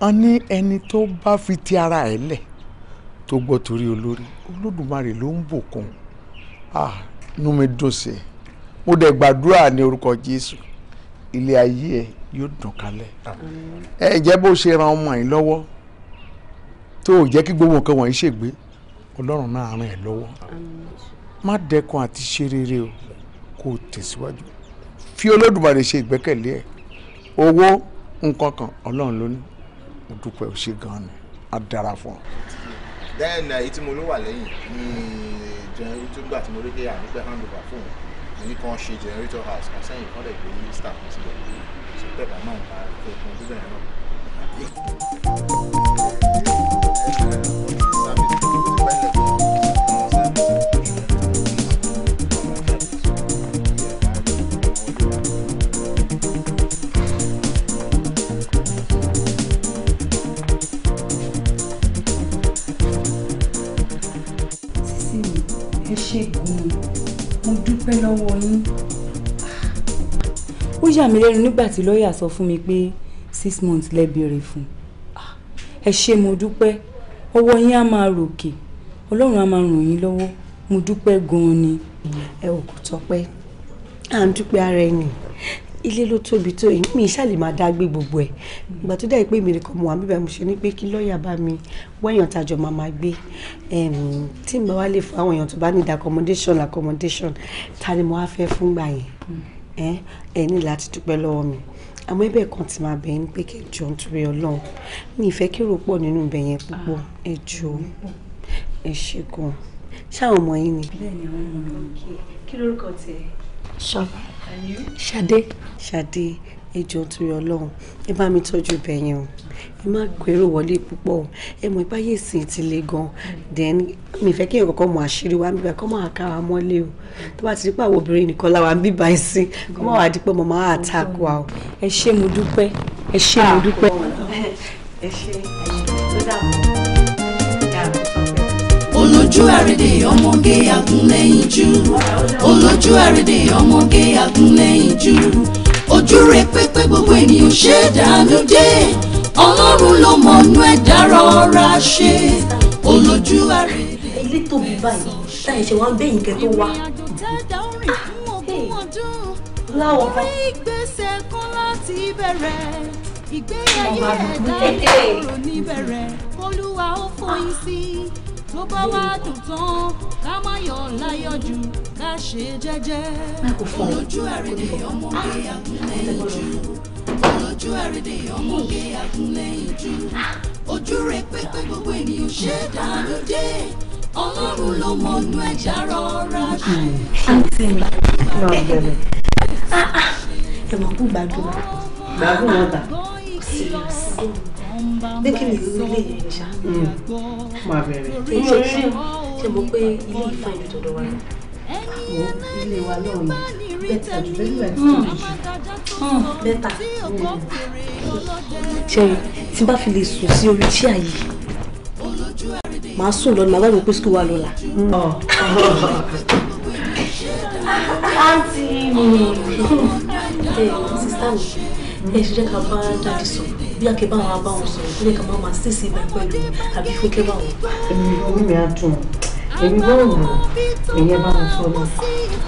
a ní ẹni tó bá fi ti ara ẹ̀ lẹ̀ tó gbọ́ torí olórí olódùmarè ló ń bùkún ah inú mi dùn sí i mo dẹ̀ gbàdúrà ní orúkọ jésù ilé ayé ẹ yóò dùn kalẹ̀ ẹ jẹ́ bó ṣe ran ọmọ yìí lọ́wọ́ tó o jẹ́ kí gbogbo nǹkan wọ̀nyí ṣègbé ọlọ́run náà ràn ẹ́ lọ́wọ́ má dẹ́kun àti ṣe rere o kó o tẹ̀síwájú fi olódùmarè ṣe ìgbẹ́kẹ̀lé ẹ̀ owó nǹkan kan ọlọ́run ló ní mo dúpẹ́ o ṣe gan ni a dára fún ọ. then uh, èyí tí mo ló wà lẹ́yìn ní jẹun tó gbà tí mo rí pé àmì hand over fóun ní kan ṣe generator house kan sẹ́yìn kan dẹ̀ gbé staff mi síbẹ̀ ṣe pẹ̀lú àmọ́ nǹkan àìkú ọkùnrin tó bẹ̀rẹ̀ náà. yà mí lẹ́nu nígbà tí lọ́ọ̀yà sọ fún mi pé six months lẹ béèrè fún ah, ẹ ṣé mo dúpẹ́ ọwọ́ yín á máa ròkè ọlọ́run á máa ràn yín lọ́wọ́ mo dúpẹ́ gan-an ni. ẹ ò kò tọpẹ́ à ń dúpẹ́ ara ẹni ilé ló tóbi tó yìí mi ṣáà lè máa dá gbé gbogbo ẹ ìgbà tó dá ìpè mi nìkan mo wà bíbá mo ṣe ní pé kí lọ́ọ̀yà bá mi wẹ́yàn tàjọ máa máa gbé tí mo wá lè fún àwọn èèyàn tó bá ní accommodation accommodation ta ni mo wá fẹ́ fún yẹn ẹ ní láti dúpẹ́ lọ́wọ́ mi àmọ́ ẹ̀bẹ̀ kan ti máa bẹ̀ ní pé kí ẹ jọ nítorí ọlọ́run mi ìfẹ́ kí rò pọ̀ nínú ibẹ̀ yẹn púpọ̀ ẹ jọ ẹ ṣe gan ṣáwọn ọmọ yín ni. bẹ́ẹ̀ni àwọn ọmọ mi kí lórúkọ tiẹ̀. ṣadé. ṣadé ẹ jọ torí ọlọ́run ẹ bá mi tọ́jú bẹ̀yẹn o ẹ má gbèrò wọlé púpọ̀ ẹ mọ̀ ìpáyé ìsìn ti le gan then mi fẹ́ kí ẹ̀kọ́kọ́ mọ àṣírí wa níbẹ̀ kọ́ máa ká wa mọ́lé o tó bá ti di pé obìnrin nìkan láwa ń bíbá ẹ sí máa wà dípẹ́ mo máa attack wa o. ẹ ṣé mo dúpẹ́ ẹ ṣé mo dúpẹ́. olójú àrédè ọmọge àgúnlẹ́yinjú olójú àrédè ọmọge àgúnlẹ́yinjú ojú rẹ pépé gbogbo ènìyàn ṣe dànù dé ọlọ́run ló mọ̀ nú ẹ̀ dára ọ̀ra ṣe olójú àrè. ilé tóbi báyìí táyà ṣe wá ń bẹ́yìn kẹ́ tó wá. láwọn kan. ìgbéyàwó ẹ̀dá ìrò níbẹ̀rẹ̀ olúwa ó fọyín sí i tó bá wá dùn ká má yọ̀ láyọ̀ jù ká ṣe jẹ́jẹ́. olójú àrídè ọmọge àkúnlẹ̀yìn jù olójú àrídè ọmọge àkúnlẹ̀yìn jù ojú rẹ pépé gbogbo ènìyàn ṣe dànù dé ló mọ inú ẹja rọra ṣe. àǹtí náà bẹ̀rẹ̀ ẹ̀ mọ̀ kó gbàdúrà gbàdúrà serious pé kí ni irú ilé yẹn ṣá. Mm. máa bẹ̀rẹ̀. ṣe ṣe ṣe mọ̀ pé ilé ìfà ìlú tọ̀dọ̀ wa ni. ilé wa náà ni bẹ́tà jù bẹ́ẹ̀ bẹ́ẹ̀ tó jù bẹ́tà. ṣe tí bá fi lè sùn sí orí tí àyè màá sùn lọ́nà màá gbàgbọ́ pé sùkúl wa lọ́la. àǹtí mm. mi ẹ̀ sísá mi ẹ̀ ṣe jẹ́ ká bá dáàdì sọ̀rọ̀ bí akẹ́ bá wọn bá wọn sọ̀rọ̀ kí lè máa máa sí sí ibà pẹ̀lú àbí fúnkẹ́ bá wọn. èmi orí mi á dùn èmi bá wọn rò èyẹ bá wọn sọ̀rọ̀.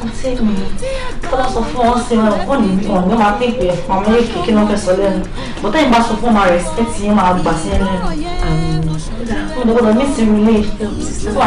àti mi kọ́lá sọ fún wọn sí wọn wọn ní wọn ní máa pèpè ẹ̀fọn amẹ́ríkì kí wọ́n fẹ́ sọ lẹ́nu bọ́tẹ́ yìí bá sọ fún wọn máa respect yín máa gbà sí ẹnu. àmì ọ̀dọ́gbọ́dọ̀ mí ti rí ilé tó wà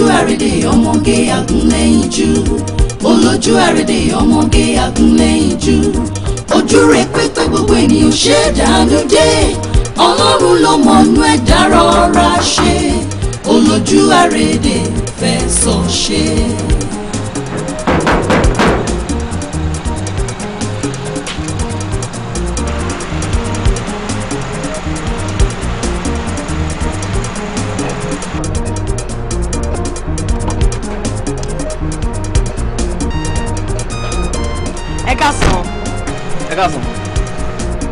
olójú àrédè ọmọge àgúnlẹ́yinjú olójú àrédè ọmọge àgúnlẹ́yinjú ojú rẹ̀ pépé gbogbo ènìyàn ṣe dànù dé ọlọ́run ló mọ̀ nú ẹ̀dá rọra ṣe olójú àrédè fẹ̀sọ̀ ṣe.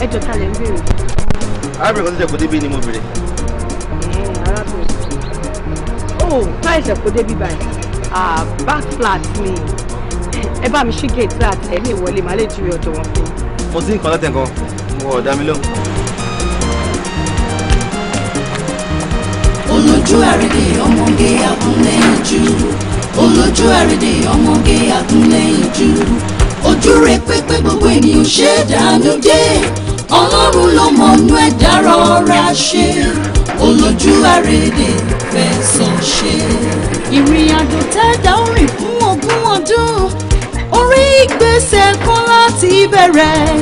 ẹjọ́ ta lè ń béèrè. arábìnrin kan tó ṣẹ̀kọ́ débi ni mo béèrè. Hmm, arábìnrin oh táyì ṣẹ̀kọ́ débi báyìí back flat ni ẹ bá mi ṣí gate flat ẹ lè wọlé màá lè jírí ọjọ́ wọn fún. mo ti ń kàn látẹ̀ kan mo ọ̀dà mi lóhùn. olójú àrídì ọmọge àkúnlé jù olójú àrídì ọmọge àkúnlé jù ojú rẹ pépé gbogbo ènìyàn ṣe é dànù jẹ́ ọlọ́run ló mọ̀ nú ẹ̀dá rọra ṣe olójú àrèdè fẹ̀sán ṣe. ìrìn àjò tẹ́dá orin fún ogún ọdún orí ìgbésẹ̀ kan láti bẹ̀rẹ̀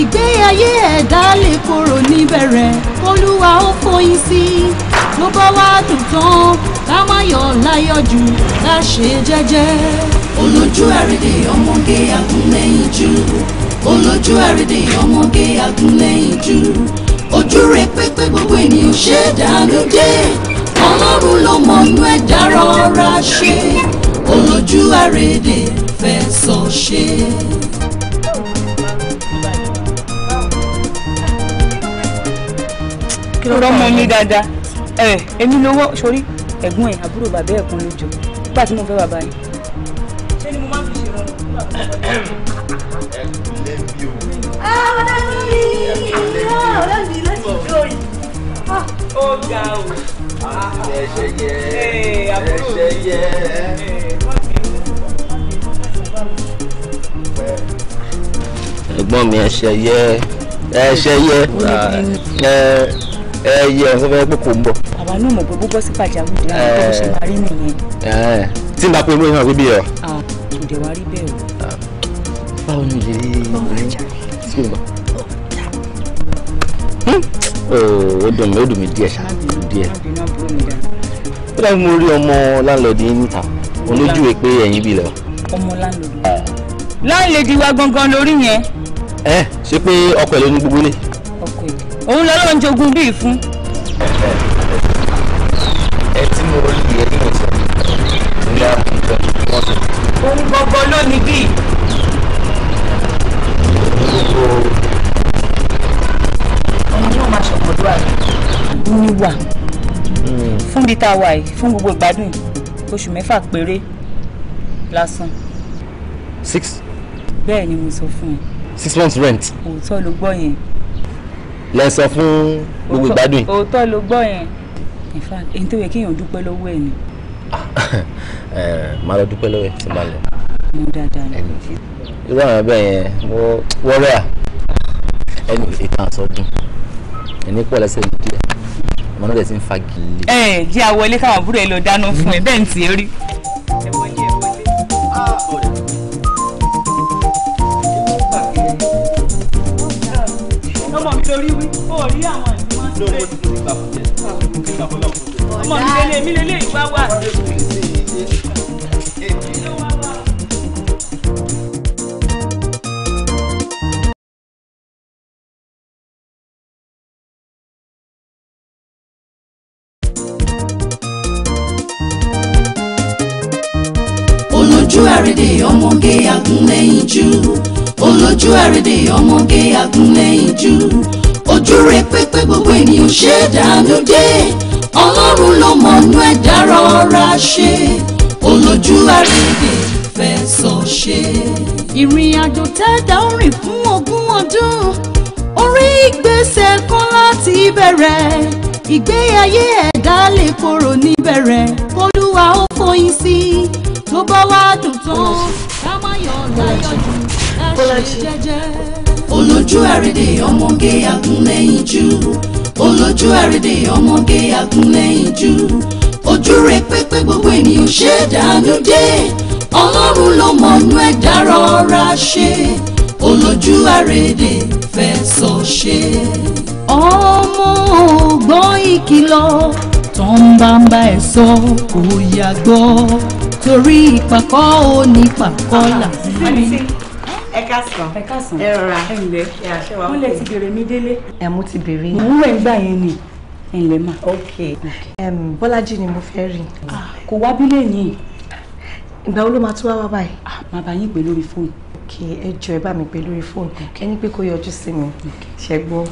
ìgbé ayé ẹ̀dá lè korò níbẹ̀rẹ̀ olúwa ó fọyín sí i ló bá wá dùn ká má yọ̀ láyọ̀ jù ká ṣe olójú àrèdè ọmọge àgúnlẹ̀yìn jù olójú àrídì ọmọge àgúnlẹ̀yìn jù ojú rẹ pépé gbogbo ènìyàn ṣe dànù dé ọlọ́run ló mọ inú ẹ̀dá rọra ṣe olójú àrídì fẹ́ sọ ṣe. rọmọ mi dáadáa ẹ èmi lówó sórí ẹ̀gbọ́n ẹ̀ àbúrò bàbá ẹ̀ kan lójú nígbà mo fẹ́ bàbá yìí. ṣé ni mo máa fi ṣèrànwọ́ fún bàbá mi ọ̀rẹ́ mi ọ̀rẹ́ mi lọ́sì lórí. ó ga o. ẹ̀ṣẹ̀ yẹ ẹ̀ṣẹ̀ yẹ. ẹ̀gbọ́n mi ẹ̀ṣẹ̀ yẹ ẹ̀ṣẹ̀ yẹ ẹyẹ ọ̀sán fẹ́ pé kò ń bọ̀. àwa náà mọ̀ pé bó sí pàjáwìrì àwọn tó ń ṣe máa rí nìyẹn. tí n bá pe olóyún náà pé bí ẹ. Ah, kò dé wá rí bẹ́ẹ̀ o. Ah, báwo ni lè rí i. báwo ni lè rí i kí n bọ̀. ó dùn mí ó dùn mí díẹ̀ ṣá díẹ̀. ó dàbí mo rí ọmọ láńlọ́ọ̀dì níta olójú ẹ pé ẹ̀yìn bí lọ. ọmọ láńlọ́ọ̀dì. láńlọ́ọ̀dì wa gangan lórí yẹn. ẹ ṣé pé ọkọ ẹ ló ní gbogbo lé. ọkọ ẹ òun ń jogún bíi fún. ẹ tí mo rí ẹ ní ìsọ̀rọ̀ ní àwọn ìjọba tí wọ́n sọ. òun gbọ́gbọ́ ló bíi yìí o ọmọ yóò máa ṣọ̀pọ̀dúrà rẹ̀ níwà fún bí tá a wà yìí fún gbogbo ìgbádùn oṣù mẹ́fà péré lásán. six. bẹ́ẹ̀ ni mo sọ fún ẹ. six months rent. òótọ́ ló gbọ́ yẹn. lẹ sọ fún gbogbo ìgbádùn. òótọ́ ló gbọ́ yẹn in fact èyí tó yẹ kéèyàn dúpẹ́ lọ́wọ́ ẹ̀ ni. Eh, máa lọ dúpẹ́ lọ́wọ́ ẹ̀ tí n lọ mo dáadáa ni. irú àwọn bẹ́ẹ̀ yẹn mo wọ́rẹ́ à ẹni ìtàn àsọdún ẹni pọ̀ lẹ́sẹ̀ mi díẹ̀ ọmọ náà dẹ̀ ti ń fa gèlè. ẹ ẹ jẹ́ àwọ̀ ilé káwọn àbúrò ẹ lọ dáná fún ẹ bẹ́ẹ̀ ń rí. ọmọ mi lórí mi lélẹ̀ mi lélẹ̀ àgúnlẹ̀yìnjú ojú rẹ pépé gbogbo ènìyàn ṣe dànù dé ọlọ́run ló mọ̀ nú ẹ̀dá rọra ṣe olójú àrègbè fẹ̀sọ̀ ṣe. ìrìn àjò tẹ́dá ó rìn fún ogún ọdún orí ìgbésẹ̀ kan láti bẹ̀rẹ̀ ìgbé ayé ẹ̀dá lè korò níbẹ̀rẹ̀ kólúwa ó fọyín sí tó bá wá dùn tán ká má yọ̀ ọ́ láyọ̀ ẹ ṣe jẹ́jẹ́ olójú àrédè ọmọge àgúnlẹ́yìn jù olójú àrédè ọmọge àgúnlẹ́yìn jù ojú rẹ pépé gbogbo ènìyàn ṣe dànù dé ọlọ́run ló mọ̀ nú ẹ̀dá rọra ṣe olójú àrédè fẹsọ̀ ṣe. ọmọ ògbọ́n ìkìlọ̀ tó bá ń bá ẹ̀ sọ kò yá torí ìpàkọ́ ò pàkọ́ là ẹ káàsán ẹ káàsán ẹ rọra ẹ ǹlẹ́ wọ́n lè ti bèrè mi délé. ẹ mo ti bèrè yín. òun rẹ̀ ń gbà yẹn ni ẹ ǹlẹ́ mà. ok bọ́lájí ni mo fẹ́ rí. Ah, kò wá yìí ìgbà wo ló máa tún wá wá báyìí. Ah, màá bá yín pè lórí fóònù. ok ẹ jọ ẹ bá mi pè lórí fóònù ẹni pé kó yọjú sí mi ṣe gbọ́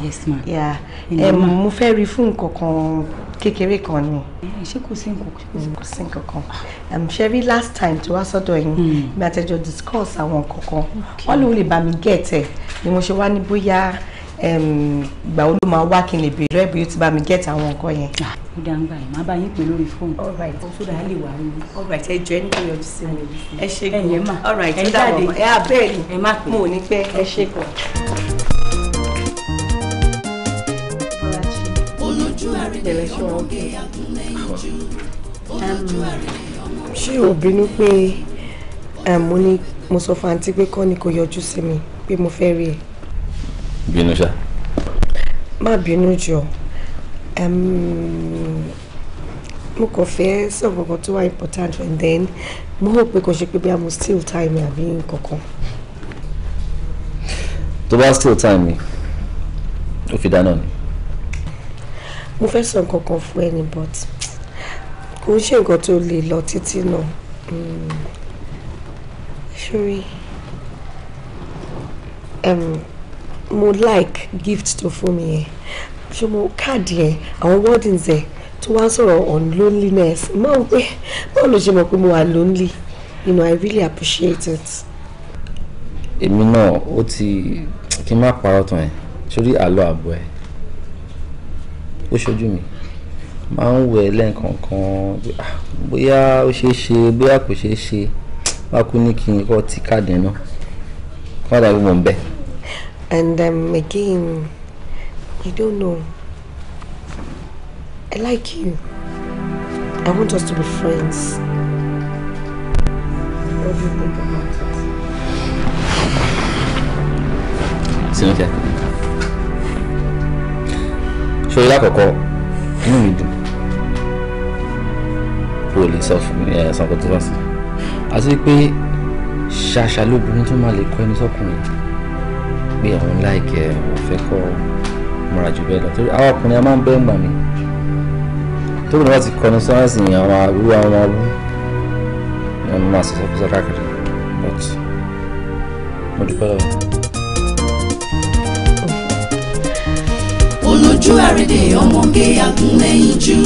ẹ mo fẹ́ rí fún nǹkan kan kékeré kan ni. Eh, ṣé kò sí nǹkan kan. kò sí nǹkan kan ṣe rí last time tí wàá sọ́dọ̀ yín mi hmm. àtẹ̀jọ́ discuss àwọn nǹkan kan wọ́n lòun lè bá mi get ẹ̀ ni mo ṣe wá ní bóyá ìgbà wo ló máa wá kí n lè bèrè ẹ̀ bóyá ó ti bá mi get àwọn nǹkan yẹn. Ah, ó dá ń gbà yín má bá yín pè lórí fóònù ó sódà á lè wà á lórí. ọ̀ráìtì ẹ jọ ẹ nígbà yọjú sí mi ẹ ṣe gan ọ̀ráìtì ó dàbọ̀ ẹ abẹ́ẹ̀lì ẹ má pè mo ní pẹ́ ẹ ṣe gan. ṣé o bínú pé mo ní mo sọ fún àǹtí pé kọ́ ni kò yọjú sí mi pé mo fẹ́ rí ẹ. bínú ṣá. má bínú jọ̀ọ́ mo kàn fẹ́ sọ̀rọ̀ kan tó wà important and then mo hope pé kò ṣe pé bí i am still time àbí nǹkan kan. tó bá still time mi ó fi dáná ni. mo fẹ́ sọ nǹkan kan fún ẹni but kò ń ṣe nǹkan tó lè lọ títí náà ṣórí hmm. mo like gift to fún mi yẹn ṣọmọ káàdì ẹ àwọn wardens ẹ tó wá sọ̀rọ̀ on loneliness máa ń pẹ́ báwo ló ṣe mọ̀ pé mo wà lonely you know i really appreciate it. èmi náà ó ti kí n má parọ́ tán ẹ̀ sórí àlọ́ àbọ̀ ẹ̀ ó ṣojú mi máa ń wẹ̀ lẹ́ẹ̀kọ̀ọ̀kan ah, bóyá ó ṣeé ṣe bóyá kò ṣeé ṣe wá kú ní kí n kọ́ ti káàdì náà kọ́ dàbí mò ń and um, again You don't know. I like you. I want us to be friends. What do you think about it? Cynthia. Ṣé orí lákọ̀ọ́kọ́ inú mi dùn? O lè sọ fún mi ẹ̀ sọ̀kọ̀ tó bá sí. Àti pé ṣàṣà lóbìnrin tó máa lè kọ́ ẹni sọ́kùnrin. Pé àwọn láìkẹ́ múra jù bẹ́ẹ̀ lọ torí àwọn ọkùnrin a máa ń bẹ́ẹ̀ gbà mí tóbi ni wọ́n ti kọ́ni sọ́wọ́sì àwọn àbúrò àwọn ọmọ ọmọ wọn máa sọ̀sọ̀ kọ́sọ̀ káàkiri but mo dúpẹ́ lọ́wọ́. olójú àrédè ọmọge agúnlẹ́yìn jù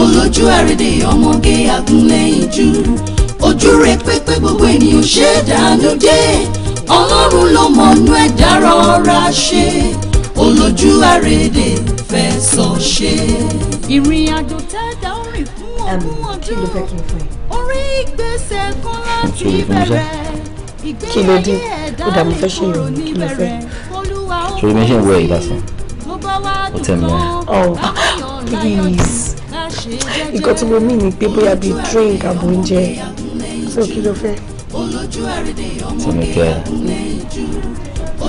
olójú àrédè ọmọge agúnlẹ́yìn jù ojú rẹ pépé gbogbo ènìyàn ṣe dànù dé ọlọ́run ló mọ̀nú ẹ̀ dára ọ̀ra ṣe olójú àrèdè fẹsọ̀ ṣe. ìrìn àjò tẹ́tà ó rìn fún ogún ọdún orí ìgbésẹ̀ kan láti bẹ̀rẹ̀ ìgbéyàwó ẹ̀dá lè kúrò níbẹ̀rẹ̀ olúwa ó kọ́ ọ́ tó bá wá dùn ọ́ oh, ah, please nǹkan tí mo mí ni pé bóyá bíi drink àbò oúnjẹ so kí ló fẹ́. olójú àrèdè ọmọ mi ò ní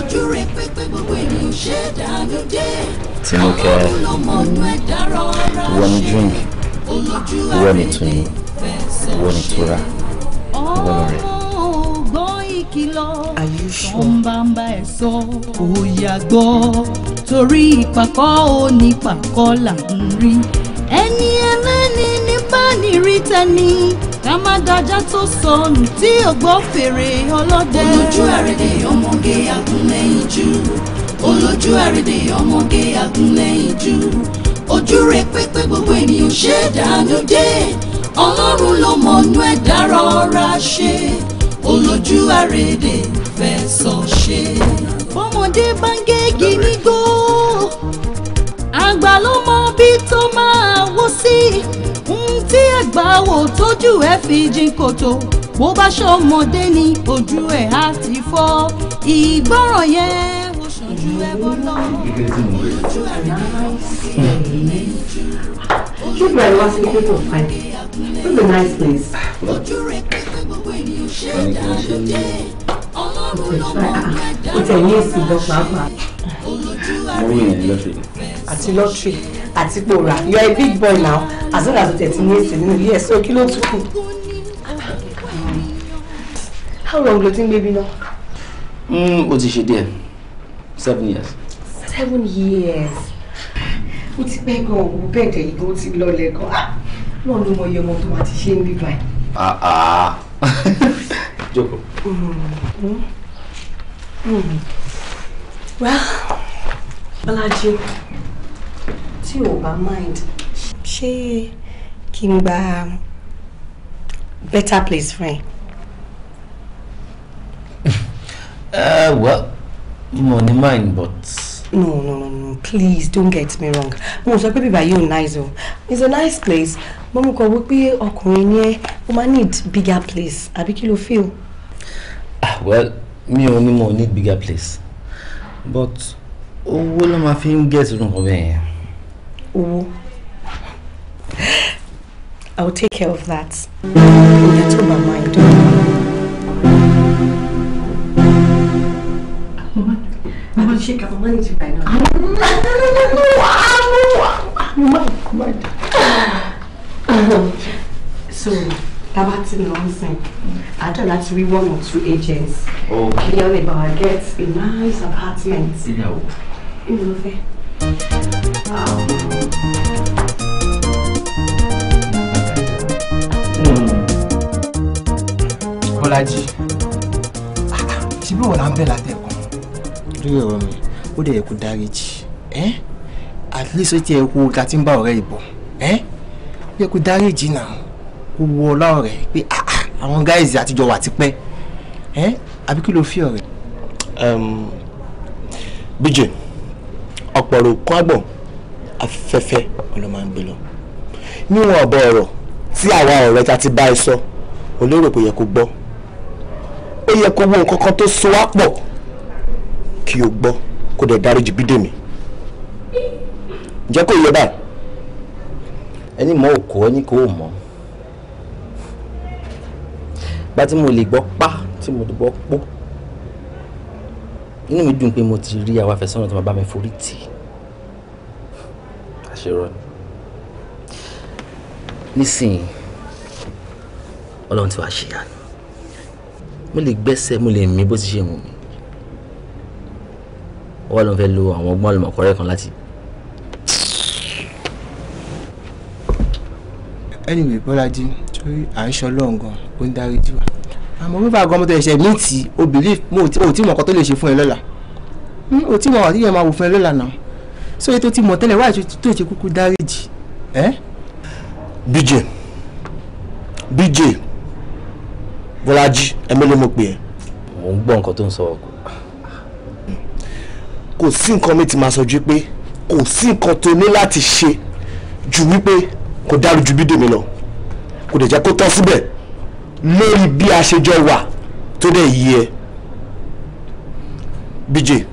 ojú rẹ̀ pépé gbogbo tí mo kẹ́ ẹ drink ìwọ ni tuni ìwọ ni tura ìwọ ni rẹ. Are you sure? Ọ̀nbàmbà ẹ̀sọ́ òòyà gbọ́ torí là ń rí. Ẹni ẹlẹ́ni nípa nírí tẹni ká má dájá tó sọnù tí ògbó fèrè ọlọ́dẹ. Olójú ẹ̀rẹ̀ ni yóò ọmọge agúnlẹ́yìn jù olójú àrédè ọmọge agúnlẹ́yìn jù ojú rẹ pépé gbogbo ènìyàn ṣe dànù dé ọlọ́run ló mọ̀ ọ́nú ẹ̀dá rọra ṣe olójú àrédè fẹ̀sọ̀ ṣe. fọmọdé bá ń gégi nígbó àgbà ló mọ bí tó máa wó sí ohun tí àgbà wò tójú ẹ fi jìn kòtò bó bá ṣọmọdé ni ojú ẹ̀ á ti fọ́ ìgbọràn yẹn ó ṣojú ẹ bọ́ lọ́wọ́ ojú ẹ̀ rí ojú ẹ̀ wá sí pé tó fà ní a nice place. ojú rẹ̀ pé gbogbo ènìyàn ṣe é dáadé ọlọ́run lọ́wọ́ ẹ̀dá ó tẹ̀lé èsì lọ pàápàá. owó yẹn lọ́sẹ̀. àti lọ́tírì àti pòórá you are a big boy now as long as o tẹ̀ ti ní èsì nínú ilé ẹ̀ sí kí ló tún kù how long ló ti ń gbé bí náà. ó ti ṣe díẹ̀ seven years. seven years ó ti pẹ́ gan òwú bẹ̀dẹ̀ yìí ó Ah. No, no more. ló mọ iye ọmọ tó wà ti Ah ń bí báyìí. jókòó. Hmm. Hmm. well Balaji, tí ò bá mind She, kí n better place friend. Uh, well, money mine, but. No, no, no, no. Please don't get me wrong. Mo sọ pé bíbá nice o. It's a nice place. Mo mú kọ wípé ọkùnrin yẹn ó need bigger place. Àbí kí ló feel? Ah, well, me ò ní mo need bigger place. But owó ló máa fi ń get irun kan bẹ́ẹ̀ yẹn. I will take care of that. Oye tó bá máa ń dùn. shake our money to right now. so tábà tí lọ ń sìn àjọ one or two agents kí ni ọ̀rẹ́ bàbá get a nice apartment. ìyàwó ìlú fẹ́. Um. Bọ́lájí hmm. ṣíbí wọn là ń bẹ̀ látẹ̀ lórí ọ̀rọ̀ mi ó dẹ̀ yẹ kó dáríjì ẹ́ at least ó ti yẹ kó ga tí ń bá ọ̀rẹ́ ìbọ̀ ẹ́ ó yẹ kó dáríjì náà kó wọ ọlá ọ̀rẹ́ pé ah, ah, àwọn guys àtijọ́ wà tipẹ́ ẹ́ àbí kí ló fi ọ̀rẹ́. bíjì ọ̀pọ̀rọ̀ kún afẹ́fẹ́ ọ̀nà máa lọ níwọ̀n ọ̀bọ̀ ọ̀rọ̀ tí àwa ọ̀rẹ́ ta ti bá ẹ sọ olérò kò yẹ kó gbọ́ ó yẹ kó wo nǹkan kan tó so wá pọ̀ kí o gbọ́ kó dẹ̀ dáríjì Bídèmí jẹ́ kó yẹ báyìí. ẹni mọ òkò ẹni kò mọ̀ gba tí mo lè gbọ́ pa tí mo lè gbọ́ pó inú mi dùn pé mo ti rí àwọn afẹ́sọ́nà tó máa bá mi forí tì àṣírọ ni nísìnyí ọlọ́run ti wá ṣe àná mo lè gbẹ́sẹ̀ mo lè mí bó ti ṣe wù mí wọ́n ló ń fẹ́ lo àwọn ọgbọ́n àlùmọ̀kọ́rẹ́ kan láti. anyway bọ́lájí torí à ń ṣọlọ́ nǹkan ó ń dárí jù wá àmọ́ wíwá gan mọ́tò ẹ̀ṣẹ̀ ní ti o believe mo ò tí mọ̀ ọkọ tó lè ṣe fún ẹ lọ́la hmm, o tí mọ̀ ọ̀dí yẹn máa wò fún ẹ lọ́la náà so ètò ti mọ̀ tẹ́lẹ̀ wáyé tó ti kúkú dáríjì ẹ́. Eh? bj bj bọ́lájí ẹ̀mí ló mọ̀ pé ẹ. mò ń gbọ́ nǹkan tó ń sọ ọkọ̀ kò sí nǹkan mi ti máa sọ ju pé kò sí nǹkan tó ní láti ṣe ju wípé kò dárú ju bídèmí lọ kò dẹ̀ jẹ́ kó tán síbẹ̀ lórí bí a ṣe jọ wà tó dẹ̀ yí ẹ bíjè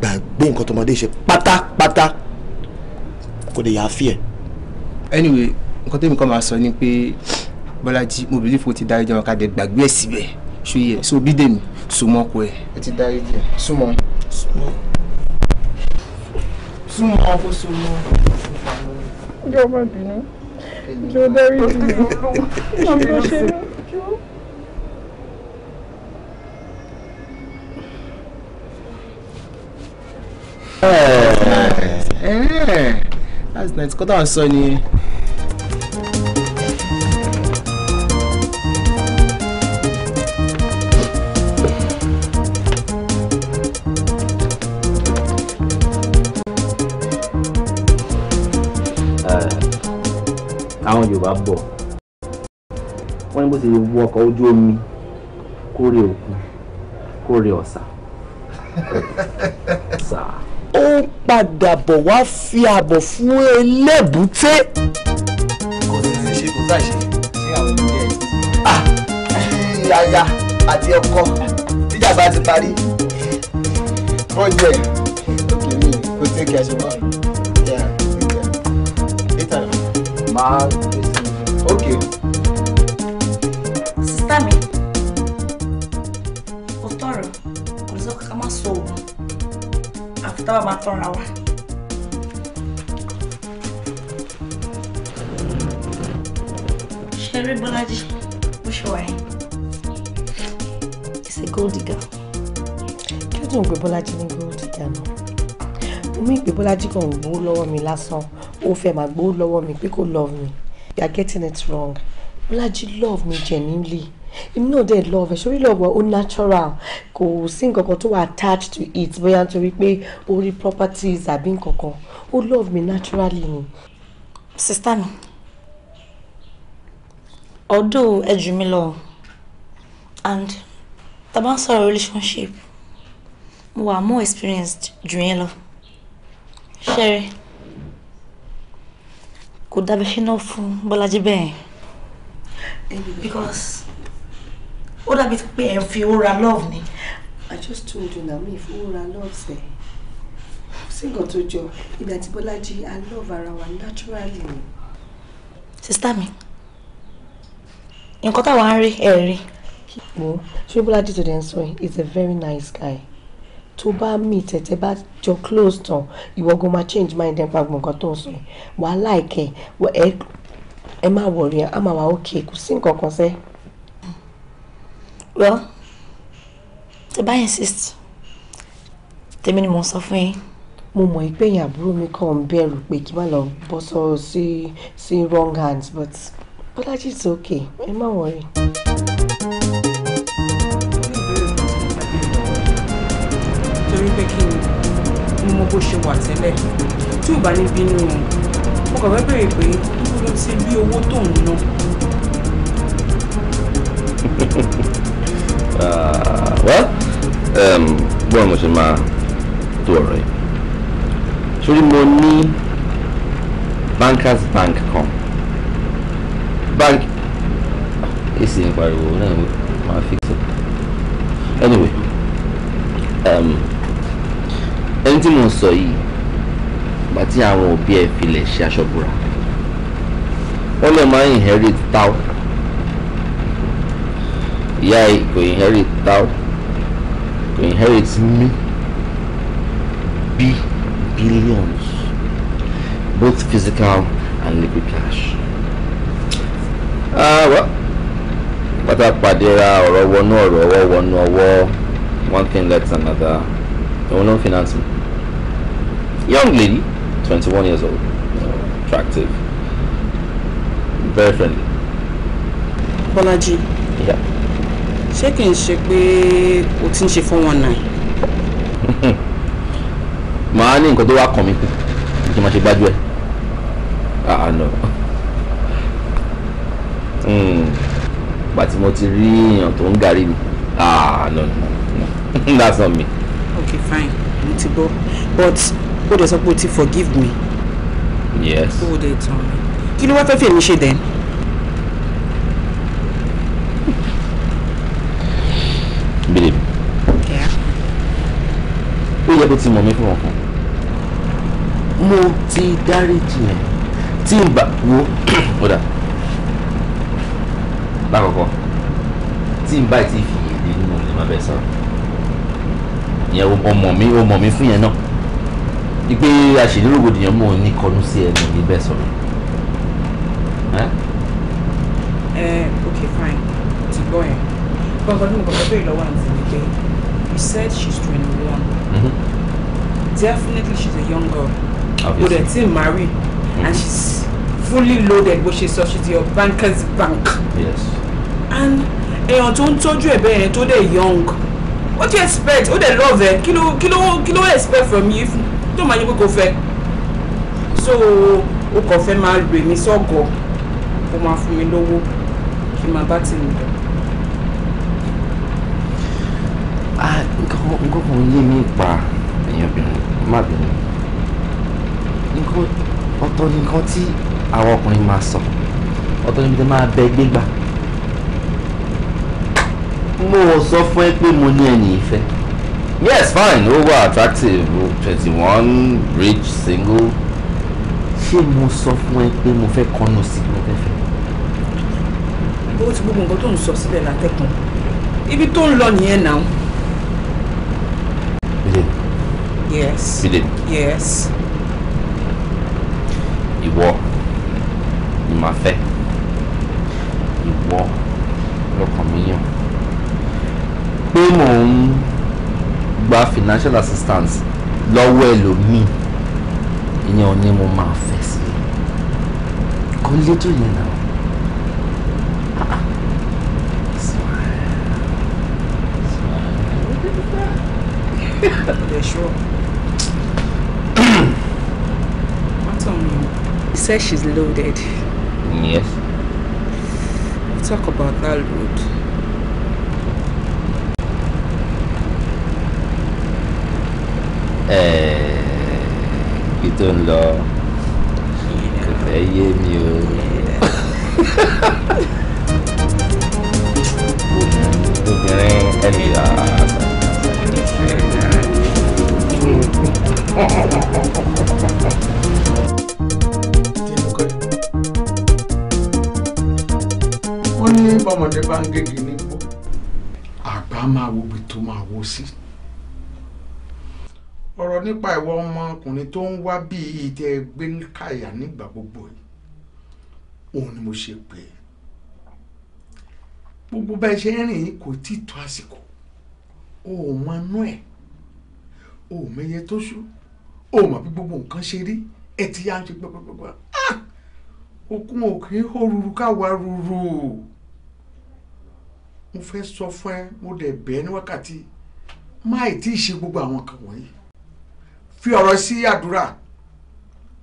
gbàgbé nǹkan tọmọdé ṣe pátápátá kò dẹ̀ yáa fi ẹ. anyway nǹkan tẹ́mi kan máa sọ ni pé Bọ́lájí mo believe o ti dáríjọ́ wọn ká dẹ̀ gbàgbé ẹ̀ síbẹ̀ ṣòye so bídèmí súnmọ́ ọkọ ẹ̀. ẹ ti darí díẹ̀ súnmọ́ súnmọ́ ọkọ súnmọ́. ọjọ́ ọmọ ìbínú ìjọ darí ìdílé ọmọ ìṣẹ́lẹ̀ ọjọ́. that's nice kó táwọn sọ nìyẹn. bọ̀ wọ́n ní bó ṣe wọ ọkọ̀ ojú omi kórè òkun kórè ọ̀sà. ó ń padà bọ̀ wá fi àbọ̀ fún elébùté. kò ní fi ṣe kò sáà ṣe sí àwọn ènìyàn yẹn. yaya àti ọkọ jíjàgbá ti parí wọ́n jẹ́ òkè mi kò tẹ́ kí a ṣe wá. máa ok. sísá mi ó tọrọ kò ní sọ pé ká má sọ òun àfi táwa máa tọra wa. ṣeré bọ́lájí bó ṣe wà yìí is a gold digger. kí ló dùn pé bọ́lájí ní gold digger náà omi ìpè bọ́lájí kan ò gbowó lọ́wọ́ mi lásán ó fẹ́ máa gbowó lọ́wọ́ mi pé kò love mi you are getting it wrong Bọ́lájí love me genuinely èmi náà dead love ẹ̀ sórí love ó unnatural. Go single nǹkankan to attached to it bóyá to repay all the properties been coco. Who love me naturally sister? sista mi ọdún ẹ jù and the bá ń sọ̀rọ̀ relationship mo wà more experienced jù love, Sherry. Sure kò dábẹ́ ṣe náà fún Bọ́lájí because ó dàbí pé ẹ̀ ń fi òra love me. I just told you na mi ì fi òra love sẹ́ sí nǹkan tó I love ara wa naturally ni. sista mi nǹkan táwa ń rí ẹ̀ rí. wo ṣé Bọ́lájí tó a very nice guy tó bá mi tẹ̀tẹ̀ bá jọ close tán ìwọ gan máa change mind nípa gbọ̀ngàn tó ń sọ yìí wà á láìkẹ́ ẹ má wọ̀rí a máa wà ókè kò sí nǹkan kan sẹ́. well tí bá insist tèmi ni mo sọ fún yín. mo mọ̀ pé èèyàn àbúrò mi kàn ń bẹ̀rù pé kí n má lọ bọ́ sọ sí sí wrong hands but Bọ́lájí it's okay ẹ má wọ̀rí. nítorí pé kí ni mo mọ bó ṣe wà tẹ́lẹ̀ tí ò bá ní bínú òun mo kàn fẹ́ bèrè pé níbo ló ti rí owó tó ń ná. Ah, um, bọ́ọ̀ mo ṣe máa tó ọ̀rọ̀ yìí sórí mo ní bankers bank kan bank èsì ah, ń pariwo náà máa fix it anyway. Um, ẹni tí mo ń sọ yìí ìgbà tí àwọn òbí ẹ filẹ̀ ṣe aṣọ́bùrà wọ́n lè máa inherit tau ìyá ẹ kò inherit tau kò inherit mi bí billions both physical and liquid cash. Ah, well pátá pàdé ra ọ̀rọ̀ wọnú ọ̀rọ̀ ọwọ́ wọnú ọwọ́ one thing led to another òun ló ń finance mi young lady, 21 years old, you know, attractive, very friendly. Bọ́lájí. Yeah. Ṣé kì í ṣe pé o ti ń ṣe four one nine? Màá ní nǹkan tó wá kàn mí kù, kí n máa ṣe gbájú ẹ̀. Ah, ah no. Hmm. Ìgbà tí mo ti rí èèyàn tó ń garí mi. Ah no that's not me. Okay fine, mo ti gbọ́ but ó dẹ̀ sọ pé o ti forgive me. yes. ó dẹ̀ tán mi kí ló wá fẹ́ fi èmi ṣe dẹ́n. bèrè ó yẹ kó ti mọ̀ mí fún ọkàn mo ti dáríjì ẹ̀ tí n bá wo ó dà lákọ̀ọ́kọ́ tí n bá ti fi èdè nínú ilé máa bẹ̀ sọ ìyẹn ó mọ̀ mí ó mọ̀ mí fún yẹn náà ìpè àṣírí rògbòdìyàn mò ń ní kọnu sí ẹnu ní bẹ́ẹ̀ sọ̀rọ̀. ẹ ok fine ti gbọ́ yẹn gbọ́ngàn ní mo kọ́kọ́ bẹ̀rẹ̀ lọ́wọ́ àǹtí mi pé you said she's twenty one mm-hmm. definitely she's a young girl kò dẹ̀ tí marry and mm-hmm. she's fully loaded bó ṣe sọ she's your banker's bank yes. and èèyàn tó ń tọ́jú ẹ̀ bẹ́ẹ̀ yẹn tó dẹ̀ young what do you expect ó dẹ̀ love ẹ̀ kí ló kí ló kí ló expect from you tó máa yẹ pé kò fẹ́ so ó kàn fẹ́ máa lò mí sọ́gọ̀ kó máa fún mi lówó kí n máa bá tèmi lọ. Ah, nǹkan nǹkan kan yé mi pa èèyàn bìnrin má bìnrin nǹkan ọ̀tọ̀ ni nǹkan tí àwọn ọkùnrin máa sọ ọ̀tọ̀ níbi tí máa bẹ gbégbá mo sọ fún ẹ pé mo ní ẹni ìfẹ́ yes fine Over attractive twenty one rich single. ṣé mo sọ fún ẹ pé mo fẹ́ kọ́nù sí i mo fẹ́ fẹ́. bó ti gbogbo nǹkan tó ń sọ sílẹ̀ látẹ̀kùn ibi tó ń lọ nìyẹn náà. bílẹ̀. yes. bílẹ̀. yes. ìwọ ni màá fẹ́ ìwọ lọ́kàn mi yàn pé mò ń gba financial assistance lọ́wọ́ ẹlòmíì ìyẹn ò ní mo máa fẹ́ sí i kò létò yẹn náà. Sure. What's on you? He says she's loaded. Yes. talk about that load. ibi tó ń lọ kò fẹ́ yé mi o. obìnrin ẹni wọ́n ní bọ́mọdé bá ń gègé nípò àgbà máa wo ibi máa wo sí nípa ìwọ ọmọkùnrin tó ń wá bí ìtẹ́ gbẹ́ńkàyà nígbà gbogbo yìí òun ni mo ṣe pè é gbogbo bẹ́ẹ̀ ṣe ń rìn yìí kò tí tó àsìkò o ò mọ inú ẹ̀ o ò mẹyẹ tó ṣú o ò mọ̀ bí gbogbo nǹkan ṣe rí ẹ ti yá ah! ń ṣe gbàgbàgbà okun òkè òrùrù káwa rúru mo fẹ́ sọ fún ẹ mo dẹ̀ bẹ́ẹ̀ ní wákàtí máì tí ì ṣe gbogbo àwọn kan wọ̀nyí fi ọ̀rọ̀ sí àdúrà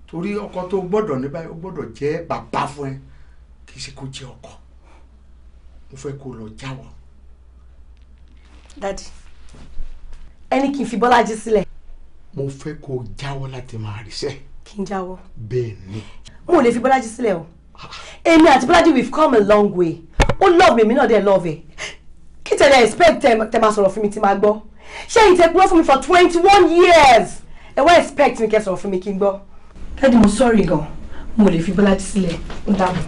torí ọkọ tó gbọ́dọ̀ ní báyìí ó gbọ́dọ̀ jẹ́ bàbá fún ẹ kì í ṣe kó jẹ́ ọkọ mo fẹ́ kó lọ jáwọ́. dadi ẹni kì í fi Bọ́lájí sílẹ̀. mo fẹ́ kó jáwọ́ láti máa ríṣẹ́. kí n jáwọ́. bẹ́ẹ̀ ni. mo lè fi Bọ́lájí sílẹ̀ o èmi àti Bọ́lájí we've come a long way ó love mi èmi náà dẹ̀ love ẹ̀ kí tẹ̀lé expect tẹ̀ máa sọ̀rọ̀ fún mi tí máa gbọ́ ṣé ìtẹ̀kùrọ̀ fún mi for twenty one years ẹ wá expect mi kẹsàn-án fún mi kí n gbọ́. dádì mo sọ́ọ̀rì gan mo lè fi bọ́lájí sílẹ̀ ó dàbọ̀.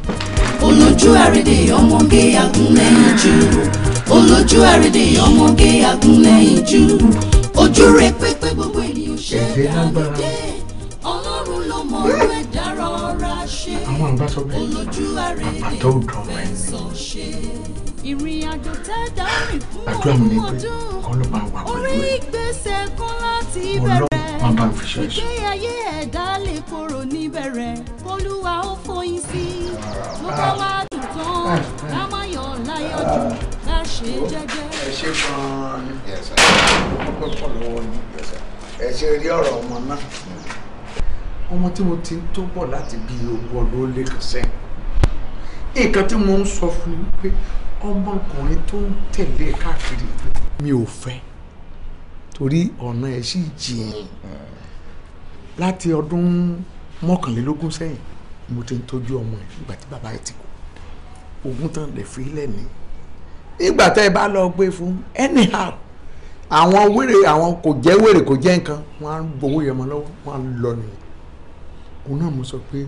olójú àrédè ọmọge agúnlẹ̀yìn jù olójú àrédè ọmọge agúnlẹ̀yìn jù ojú rẹ pépé gbogbo ènìyàn ṣe é àgbèdè ọlọ́run lọ́mọ rẹ dára ọ̀rá ṣe olójú àrédè fẹ̀sọ̀ ṣe ìrìn àjò tẹ́ dárí fún ọdún ọdún orí ìgbésẹ̀ kan láti bẹ̀rẹ̀ má bá mi fi ṣe ẹ̀ṣọ́. ìgbé ayé ẹ̀dá lè korò níbẹ̀rẹ̀ olúwa ó fọyín sí i ló bá wá dùn tán ká láyọ̀ jù ká jẹ́jẹ́. ẹ ṣe gan-an ní ẹ̀sà ọgbẹ́ pọ̀ lọ́wọ́ ní ẹ̀sà ẹ ṣe rí ọ̀rọ̀ ọmọ náà ọmọ tí mo ti ń tó bọ̀ láti bí owó ló lè sẹ́yìn nǹkan tí mo ń sọ fún un pé ọmọkùnrin tó ń tẹ̀lé káàkiri mi ò fẹ́ torí ọ̀nà ẹ̀ sì jìn láti ọdún mọ́kànlélógún sẹ́yìn mo ti ń tọ́jú ọmọ ẹ̀ nígbà tí bàbá ẹ̀ ti kú ogún tán lè fi lẹ́ni nígbà tẹ́ ẹ bá lọ gbé fún anyhow àwọn wèrè àwọn kò jẹ́ wèrè kò jẹ́ nǹkan wọ́n á gbowó yẹmọ lọ́wọ́ wọ́n á lọ nìyẹn òun náà mo sọ pé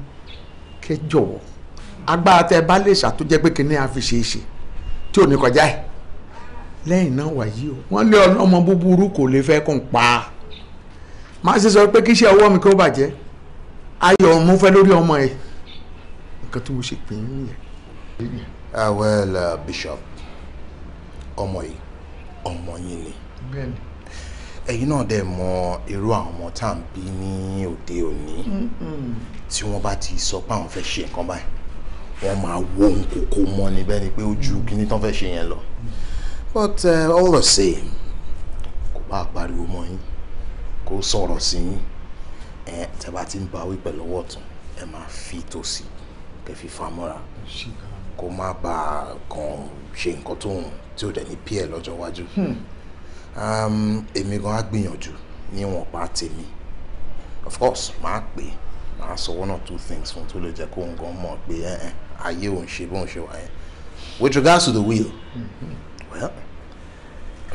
kẹ́ agbára tẹ́ bá lè ṣàtúnjẹ́ pé kíní àfi ṣeé ṣe tí ò ní kọjá ẹ̀ lẹ́yìn náà wàyí o wọ́n ní ọlọ́mọ búburú kò lè fẹ́ kó pa á má ṣe sọ pé kíṣẹ́ ọwọ́ mi kó bàjẹ́ ayọ̀ mo fẹ́ lórí ọmọ ẹ̀ nǹkan tó ṣe pè é nìyẹn. ah well uh, bishop ọmọ yìí ọmọ yín ni ẹ̀yin náà dẹ̀ mọ irú àwọn ọmọ tá à ń bí ní òde òní tí wọ́n bá ti sọ pé àwọn fẹ́ ṣe nǹkan báyìí wọ́n máa wo ohun kòkó mọ́ ni ni pé ojú kíní tán fẹ́ ṣe yẹn lọ. Mm -hmm but uh, all the same kò bá pariwo mọ́ yín kò sọ̀rọ̀ sí yín ẹ tẹ́ bá ti ń bá wí pẹ̀lú ọwọ́ ọ̀tún ẹ máa fi tòsí kẹ́ fi famọ́ra kó má bàa kàn ṣe nǹkan tó ń tí ò dẹ̀ ní pí ẹ̀ lọ́jọ́ iwájú hmm. um, èmi gan á gbìyànjú níwọ̀n pa tèmi of course máa pè é máa sọ one or two things fún tó lè jẹ́ kó nǹkan mọ̀ pé ayé òun ṣe bóun ṣe wà yẹn with regards to the wheel, hmm. well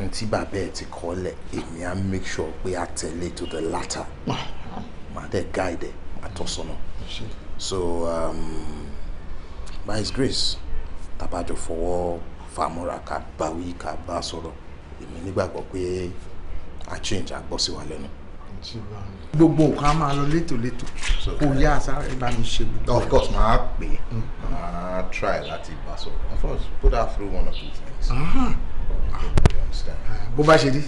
n tí bàbá ẹ ti kọ́ lẹ̀ èmi á make sure pé a tẹ̀lé to the latter màá dẹ̀ guide ẹ̀ màá so um, by his grace tàbájọ fọwọ́ fàmúra ká bá wí ká bá sọ̀rọ̀ èmi nígbàgbọ́ pé a change a gbọ́ sí wa lẹ́nu. gbogbo nǹkan á máa lọ létòlétò kò yá àsáré bá mi ṣe of course màá pè é mm. màá try láti bá sọ̀rọ̀ of course put her through one or two things. Ah. Ah bó bá ṣe rí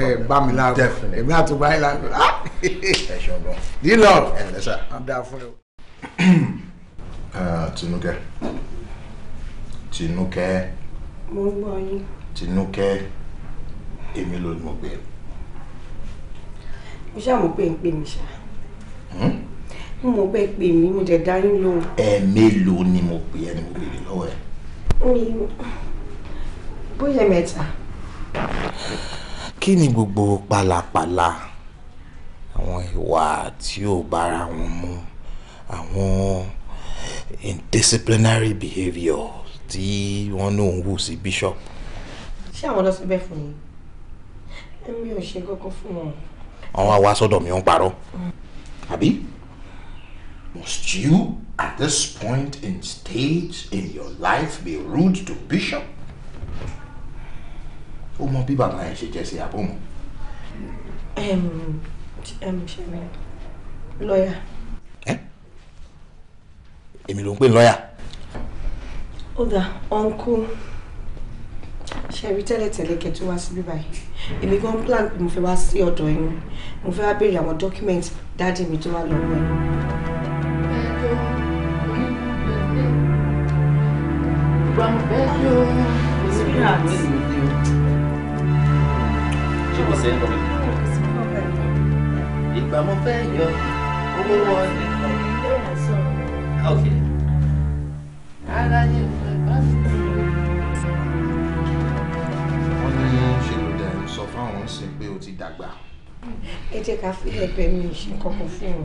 ẹ bá mi láàbọ̀ èmi àtúgbà yín láàbọ̀ ah! ẹ ṣeun gan dílọ ẹ ǹlẹ́ sà á dáa fún ẹ. Tinúkẹ́ Tinúkẹ́ mo gbọ́ yín Tinúkẹ́ èmi ló ni mo pè é. mo ṣáà mo pè ń pè mí ṣá hmm? mo bẹ pè mí mo dẹ̀ dá yín lóhùn. ẹ̀ẹ̀mélòó ni mo pè ẹ́ ni mo pè mí lọ́wọ́ ẹ̀. mi bóyá mẹ́ta kí ni gbogbo pàlàpàlà àwọn ìwà tí ò bára wọn mu àwọn indisciplinary behaviour tí wọ́n ní òun wù sí bishop. ṣé àwọn lọ síbẹ̀ fún yín èmi ò ṣe kankan fún wọn. àwọn àwa sọ́dọ̀ mi ń parọ́ àbí. must you at this point in stage in your life be rude to bishop ó mọ bí bàbá yẹn ṣe jẹ́ sí àbọ̀mọ́. ṣẹ́mi lọ́ọ̀yà. èmi ló ń pè ní lọ́ọ̀yà. ó dà ọ̀nkú ṣẹ̀rí tẹ́lẹ̀tẹ́lẹ̀ kẹ́ tó wá sí bí báyìí èmi gan plan pé mo fẹ́ wá sí ọ̀dọ̀ yín mo fẹ́ wá béèrè àwọn document dáàdì mi tó wà lọ́wọ́ ẹ̀. From bedroom, it's ṣé kò sẹ́yìn lọ́wọ́. ìgbà mo fẹ́ yọ owó wọlé. Okay. wọ́n ní ṣe ló dẹ̀ ń sọ fáwọn sí pé o ti dàgbà. ẹ jẹ́ ká fi ẹgbẹ́ mi ṣe kọ́kọ́ fún ọ.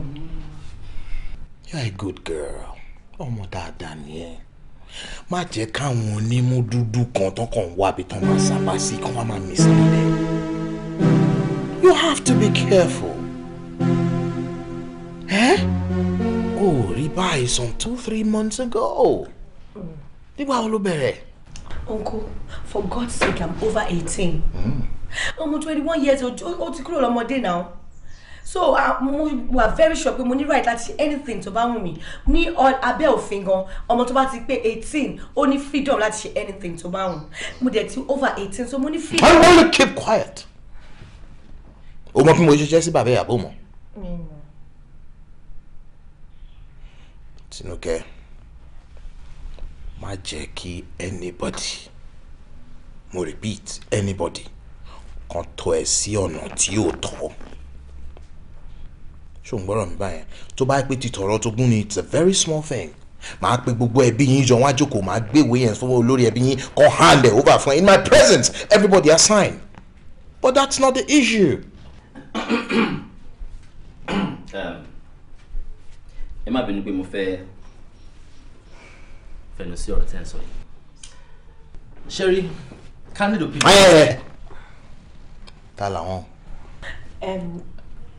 You're a good girl ọmọ dáadáa nìyẹn má jẹ́ káwọn onímú dúdú kan tán kàn wá bí tán máa sábà sí kán wá máa mí sílẹ̀ have to be careful. Eh? Oh, Ribai, some two, three months ago. Nígbà wo ló bẹ̀rẹ̀? Uncle, for God's sake, I'm over eighteen. Hmm. Ọmọ twenty one years old, to grow kúrò lọ́mọdé now? so ah, mo wà very sure pé mo ní right láti anything to bá wù Me or abẹ́ òfin gan ọmọ tó bá ti pé eighteen ó freedom láti ṣe anything to bá wù mo over eighteen so mo freedom. why won't you keep quiet o mọ bí mo ṣe sí bàbá ìyàbò mọ́. Tinúkẹ́ má jẹ́ kí anybody mo repeat anybody kan tọ́ ẹ sí ọ̀nà tí ò tọ́ ṣòun gbọ́dọ̀ mi báyẹn tó bá pé ti tọ̀rọ̀ tó gún ni it's a very small thing màá pe gbogbo ẹbí yín jọ wá jókòó màá gbé ìwé yẹn fún olórí ẹbí yín kan hand over fún in my presence everybody has sign. but that's not the issue ẹ má bínú pé mo fẹ́ fẹnu sí ọ̀rọ̀ tẹ́ ń sọ yìí ṣé rí candid opinion. ta làwọn.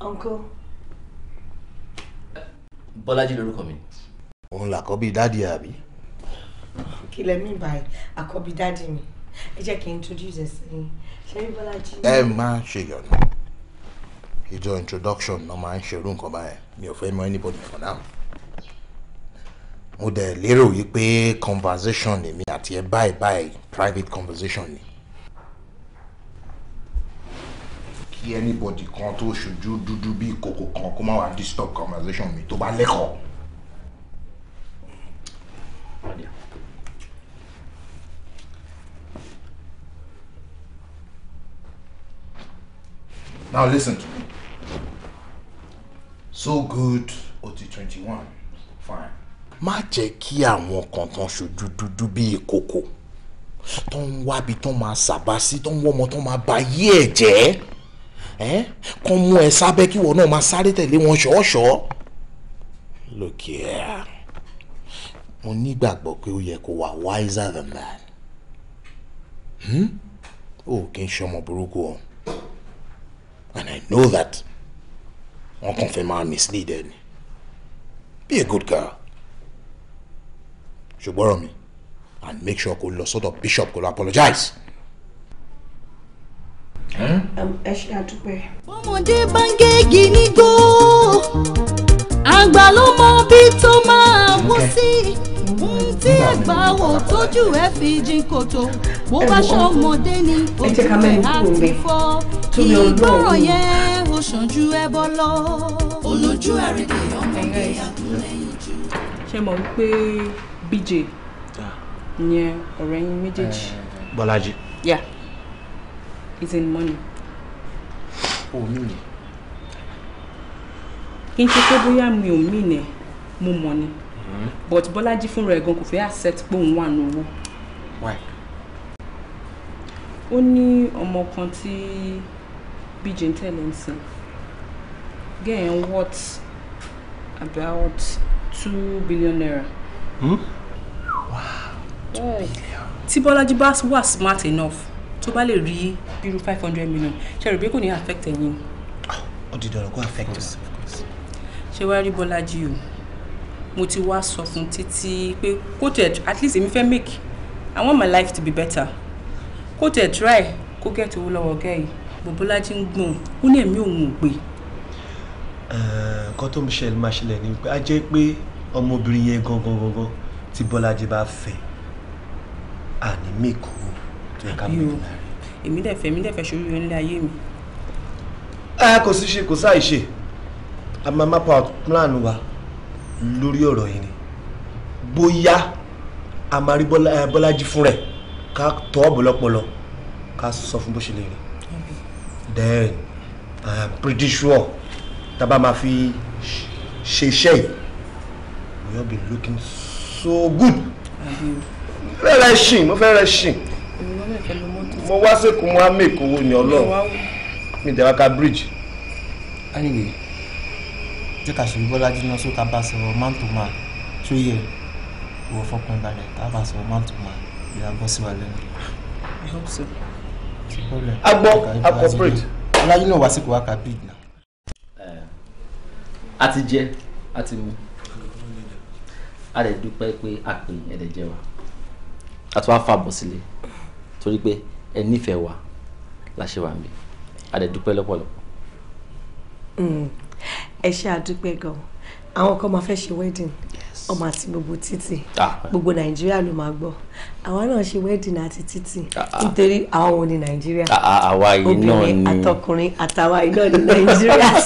uncle. bọ́lájí lorúkọ mi. òun làkọ́bí dádì àbí. kí lẹ mí báyìí àkọ́bí dádì mi ẹ jẹ́ kí n introduce ẹ sí i ṣe rí bọ́lájí. ẹ má ṣe yọ̀nà ìjọ introduction náà máa ń ṣerú nǹkan báyẹn mi ò fẹ́ mọ anybody for now mo dẹ̀ lérò wípé conversation èmi àti ẹ báyìí báyìí private conversation ni. kí anybody kan tó ṣojú dúdú bí ìkòkò kan kó má wàá disturb conversation mi tó bá lẹ́kọ̀ọ́. Now listen to me so good OT twenty one fine. má jẹ́ kí àwọn kan tán ṣojú dúdú bíi kòkò tó ń wábi tó máa ṣàbá sí tó ń wọ́mọ tó máa ba yí ẹ̀ jẹ́ ẹ́ kàn mú ẹ sábẹ́ kí wọn náà máa sáré tẹ̀lé wọn ṣọ́ọ̀ṣọ́. look here mo nígbàgbọ́ pé ó yẹ kó wà wiser than that hmm? ó kì í ṣe ọmọ burúkú o and I know that wọn kàn fẹ́ máa ni be a good girl ṣùgbọ́n rọ mi and make sure kó lọ sọ́dọ̀ bishop kó lọ apologize. Um, ẹ ṣe àdúpẹ́. ọmọdé bá ń gégi àgbà ló mọ bí tó máa wú sí tí àgbà tójú ẹ fi jìn kòtò bó bá ṣọmọdé ni ojú ẹ á ti ìgbọràn yẹn ṣanjú ẹbọ lọ olójú àrédè ọmọ ìyá lẹ́yìn jù. ṣé mọ̀ wípé bj ah. yẹn ọ̀rẹ́ yín méjèèjì. Eh, bọ́lájí. yeah he's in money. o mi yẹn. kí n ṣe pé bóyá mi ò mí nẹ mo mọ̀ ni mm-hmm. but bọ́lájí fúnra ẹ̀ gan kò fẹ́ accept pé òun wà ní owó. why ó ní ọmọ kan tí bíjì ń tẹ̀lé ń sìn Again, worth about two billion naira. Hmm? Wow, two billion. Tí Bọ́lájí bá wà smart enough tó bá lè rí bírú five hundred million ṣe rò pé kò ní affect ẹ̀yin. Ah, ó di dandan kó affect us. Ṣé wàá rí Bọ́lájí o? Mo ti wá sọ fún títí pé kó at least èmi fẹ́ make I want my life to be better. Kó tẹ̀ try kó get owó lọ́wọ́ gẹ́yì. Bọ́lájí ń gbọ̀n ó ní ẹ̀mí òun ò gbé. Eh, nǹkan tó ń ṣẹlẹ̀ máa ṣẹlẹ̀ ni pé a jẹ́ pé ọmọbìnrin yẹn gangan gangan tí Bọ́lájí bá fẹ́ àní mèkó tó yẹ ká mèkó láàrin. èmi dẹ̀ èmi dẹ̀ fẹ́ ṣorí nílé ayé mi. a ah, kò sí ṣe kò sáì ṣe a máa map out plan wa lórí ọ̀rọ̀ yìí ni bóyá a máa rí eh, Bọ́lájí fún rẹ̀ ká tọ́ ọ̀bọ̀lọpọlọ ká sọ fún bó ṣe lè rí then I am pretty sure Taba ma fi ṣe iṣẹ́ yìí we all be looking so good. mo fẹ́ rẹ ṣìn mo fẹ́ rẹ ṣìn mo wá sẹ́kù mo á mèkó owó ni ọlọ́run mi dẹ̀ wá ka bridge. anyway jẹ́ ká ṣe bọ́lájí náà sóta bá sọ̀rọ̀ man to man tó yẹ ìwọ fọkàn balẹ̀ tá bá sọ̀rọ̀ man to man ìyá gbọ́ sí wa lẹ́nu. I agbọ́ a corporate. ọlájú náà wá sẹ́kù wá ka bridge náà a ti jẹ a ti mu a lè dúpẹ́ pé a pè é ẹ̀dẹ̀ jẹ wa a tún wá fàbọ̀ sílé torí pé ẹ nífẹ̀ẹ́ wa la ṣe wà mí a lè dúpẹ́ lọ́pọ̀lọpọ̀. Hmm. ẹ ṣe àdúpẹ́ gan àwọn kan máa fẹ́ ṣe wedding ọmọ àti gbogbo títì gbogbo nàìjíríà ló máa gbọ́ àwa náà ṣe wedding àti títì nítorí àwọn wo ni nàìjíríà obìnrin àtọkùnrin àtàwa iná ni nàìjíríà.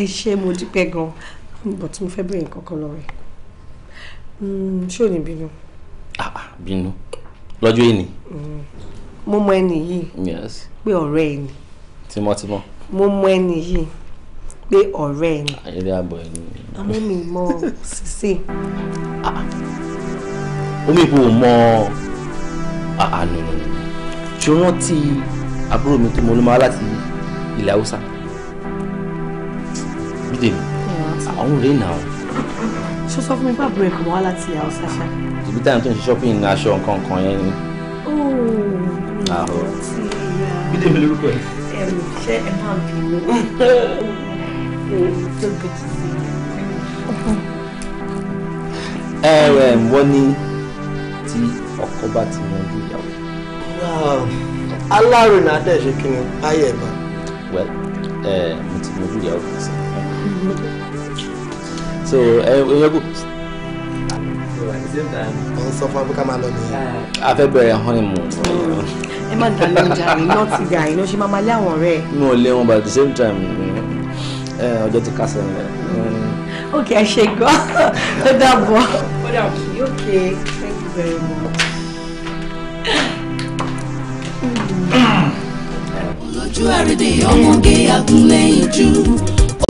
ẹ ṣé mo dúpẹ́ gan but mo fẹ́ bẹ̀rẹ̀ nǹkan kan lọ́wọ́ ẹ̀ hmm, ṣé ò ní bínú. Ah, ah, bínú lọ́jọ́ yìí ni. Hmm. mo mọ ẹni yìí pé ọ̀rẹ́ ẹ ni. tímọ́tímọ́. mo mọ ẹni yìí pé ọ̀rẹ́ ẹ ni. ayẹyẹ ah, àbọ̀ ẹ ni. àmọ́ mi mọ sísè. omi ìbò mọ àánú ṣé wọ́n ti àbúrò mi tó mọ olúmọ láti ilẹ̀ haúsá bídè mi àwọn rèé nà rain now. So fún mi pàbó break kò wá láti ìyàwó ṣáṣá. ibi táwọn tó ń shopping ní aṣọ nǹkan kan yẹn ni. bídè mi ah. lórúkọ ẹ. ṣé ẹ máa ń bínú. ẹ ẹ wọ́n ní tí ọkọ bá ti yanjú ìyàwó. aláròyìn adé ṣe kí ni ayé ẹ̀ well ẹ mo ti yanjú ìyàwó kan sí so ẹ ẹ kò. mo ń sọ fún abúkà máa lọ nìyẹn. a fẹ́ bẹ̀rẹ̀ honeymoon. ẹ má dà lóun jàre iná ti gà iná ṣe máa máa lé àwọn ọ̀rẹ́ mi ò lé wọn but at the same time ọjọ́ ti kásẹ̀ ń lẹ̀. ok ẹ ṣe gbọ́ ó dàbọ̀. ó dàbọ̀ ọmọge àtúnlẹ̀yìn jù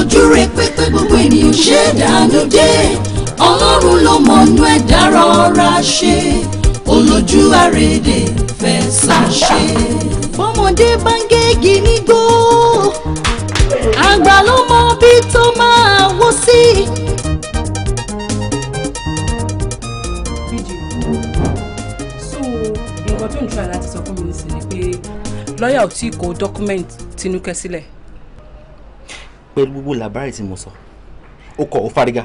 ojú rẹ pépé gbogbo ènìyàn ṣe dànù dé ọlọ́run ló mọ̀ nú ẹ̀ dára ọ̀ra ṣe olójú àrèdè fẹ́ ṣàṣe. fọmọdé bá ń gégi nígbó àgbà ló mọ bí tó máa wó sí. lọ́yà ò tí kó dọ́kúmẹ́ǹtì Tinúkẹ́ sílẹ̀ pẹ̀lú gbogbo làbárì tí mo sọ ó kọ̀ ó fárígá.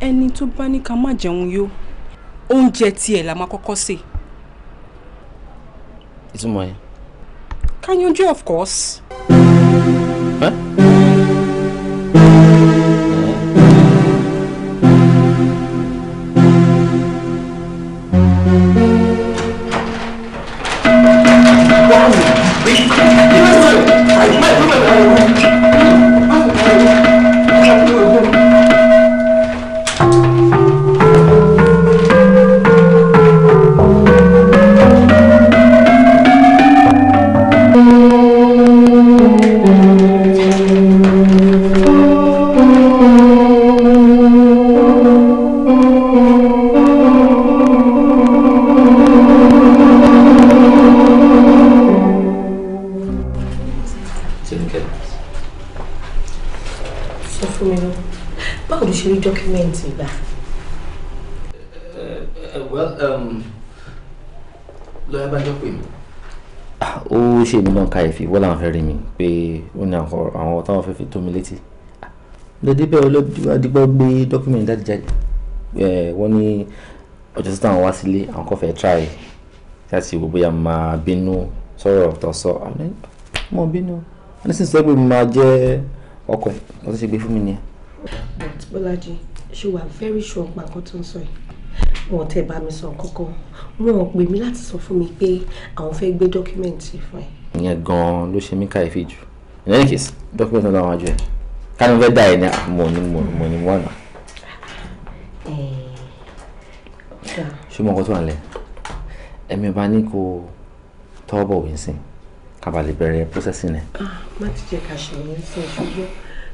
ẹni tó bá ní ká má jẹun yó oúnjẹ tiẹ̀ la máa kọ́kọ́ sè. ìtumọ̀ yẹn. ká yanjú of course. Huh? fẹ́ẹ́ fi wọ́n làwọn fẹ́ẹ́ rí mi pé ó ní àwọn táwọn fẹ́ẹ́ fi tó mi létí lóde bẹ́ẹ̀ olódìgbọ́ gbé dọ́kúmẹ̀ntì dáàdì jáde wọ́n ní ọjọ́ tó táwọn wá sílé àwọn kò fẹ́ẹ́ try láti wò bóyá máa bínú sọ̀rọ̀ ọ̀tọ̀ sọ mọ̀ bínú wọ́n ní sísè pé máa jẹ́ ọkọ̀ ẹ̀ wọ́n ti ṣe gbé fún mi nìyẹn. Bọ́lájí ṣe wà very sure pa nǹkan tó ń sọ yìí wọn tẹ bá mi sọ kọ́kọ́ wọn ò pè mí láti sọ fún mi pé àwọn fẹ́ gbé dọ́kúmẹ̀ntì fún ẹ ìyẹn gan-an ló ṣe mí káyìfì jù in any case document náà wájú ẹ kánú fẹ́ dà ẹ ní àmọ́ ah, ní mọ̀ ní mọ̀ eh, náà. ṣé mo kọ́ tó wà lẹ̀ ẹ̀mí ọba ní kó tọ́wọ́ bọ̀ wí sí kábàlì bẹ̀rẹ̀ processing ẹ̀. Ah, má ti jẹ́ ká ṣe ìyẹn sí ìṣòro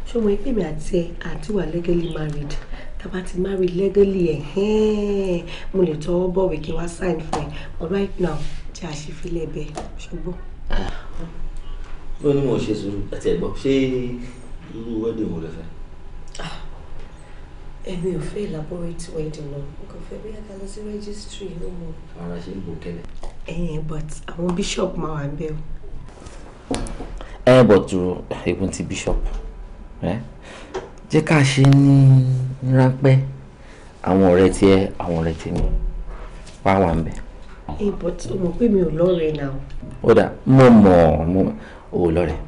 ṣọmọ ẹgbẹ́ mi àti ẹ àti wà legally married tàbá ti marry legally ẹ̀ mo lè tọwọ́ bọ̀wé kí wá sign for ẹ but right now tí a ṣe fi lẹ́bẹ̀ẹ́ ṣùgbọ́n ó ní mo ṣe sùúrù àti ẹ̀gbọ́n ṣé irú wedding wo lè fẹ́. èmi ah, ò fẹ́ elaborate wedding náà n kò fẹ́ bí ká lọ sí registry ló mọ̀. ara ṣe ń bò kẹlẹ. ẹyin but àwọn bishop máa wà níbẹ̀ o. ẹ bọ̀ dúró egun ti bishop jẹ́ ká ṣe ní ráńpẹ́ àwọn ọ̀rẹ́ tiẹ̀ àwọn ọ̀rẹ́ tèmi wá wà ń Hey, but o mọ̀ pé mi ò lọ́rẹ̀ẹ́ náà. Ó dà, mo mọ̀ mo ò lọ́rẹ̀ẹ́.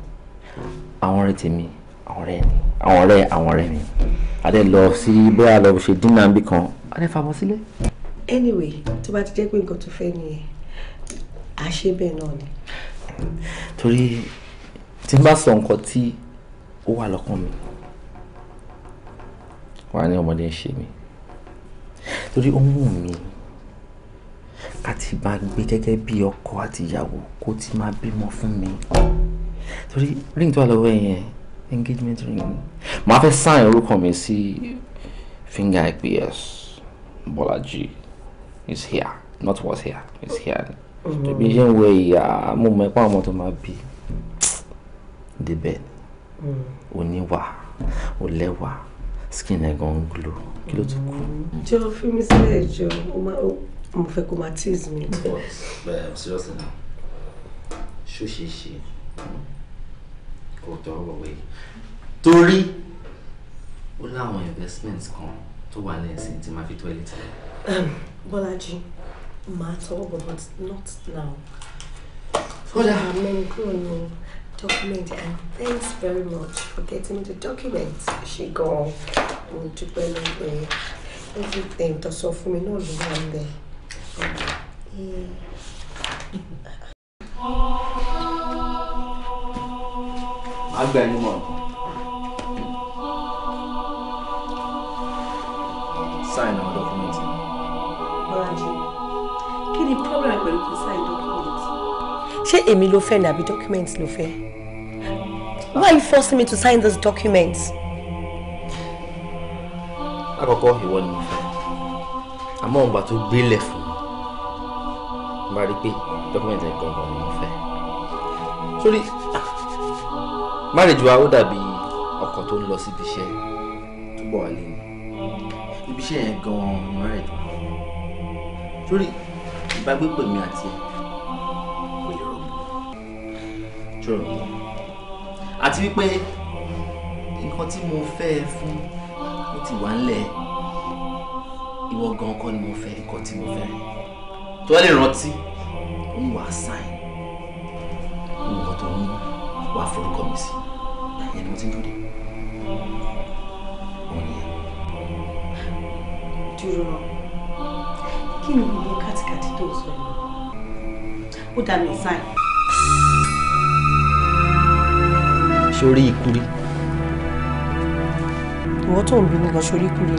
Àwọn ọ̀rẹ́ tèmi, àwọn ọ̀rẹ́ ni, àwọn ọ̀rẹ́ àwọn ọ̀rẹ́ mi. Adé lọ sí bóyá lọ ṣe dínà níbì kan, Adé fàbọ̀ sílé. Anyway, tó bá ti jẹ́ pé nǹkan tó fẹ́ nìyẹn, à ṣe bẹ́ẹ̀ náà ni. Torí tí n bá sọ nǹkan tí ó wà lọ́kàn mi, wàá ní ọmọdé ń ṣe mi. Torí ó ń wù mí ká ti bá gbé gẹ́gẹ́ bí ọkọ àti ìyàwó kó ti máa bímọ fún mi torí ring tó wà lọ́wọ́ ẹ̀ yẹn engagement ring ni màá fẹ́ sign orúkọ mi sí finger ips Bolaji, is here not was here is here tóbi ṣe ń wẹ ìyá mo mọ ẹ̀pọ̀ àwọn tó máa bí débẹ̀ oníwà olẹ́wà skin ẹ̀ gan-an glow kí ló tún kù. jọ fún mi sílẹ̀ jọ mo fẹ́ kó máa tease mi. but um, seriously now ṣó ṣe ṣe kò tọrọ wẹ̀ torí ó láwọn investment kan tó wà lẹ́sìn tí máa fi tó ẹ létí. Ehm, Bọ́lájí tọwọ́ bọ̀ but not now. kódà mẹ́rin kúrò ní document and thanks very much for getting the document ṣe gan-an mo dúpẹ́ lọ́wọ́ ẹ̀ everything tó sọ fún mi náà ló wà ń bẹ̀ má gbà ẹni mọ̀ sign our document. Bọ́lájí, kí ni problem pẹ̀lú kí sign document? Ṣé èmi ló fẹ́ ni àbí document ló fẹ́? Why are you forcing me to sign this document? Lákọ̀ọ́kọ́ ìwọ ni mo fẹ́, àmọ́ òǹgbà tó gbélé fún n bá rí i pé dọ́kúmẹ̀ntì ẹ̀ gangan ni mo fẹ́ sórí ah, marriage wa ó dàbí ọkọ̀ tó ń lọ síbi iṣẹ́ tó bọ̀ wálé ni ibi iṣẹ́ yẹn gan-an ni marriage wa sórí ìbágbépọ̀ mi àti ẹ̀ kò mo fẹ́ fún ó ti wà ńlẹ̀ ìwọ mo fẹ́ nǹkan tí mo fẹ́ tó lè rántí ń wà sáìn nǹkan tó ń wà forúkọ mi sí ẹni mo ti ń dúró òun nìyẹn. dúró kí ni gbogbo kàtìkàtì tó sọ yìí ó dá mi sáìn. sórí ikú rí. ìwọ́n tó ń bínú gan sórí ikú ni.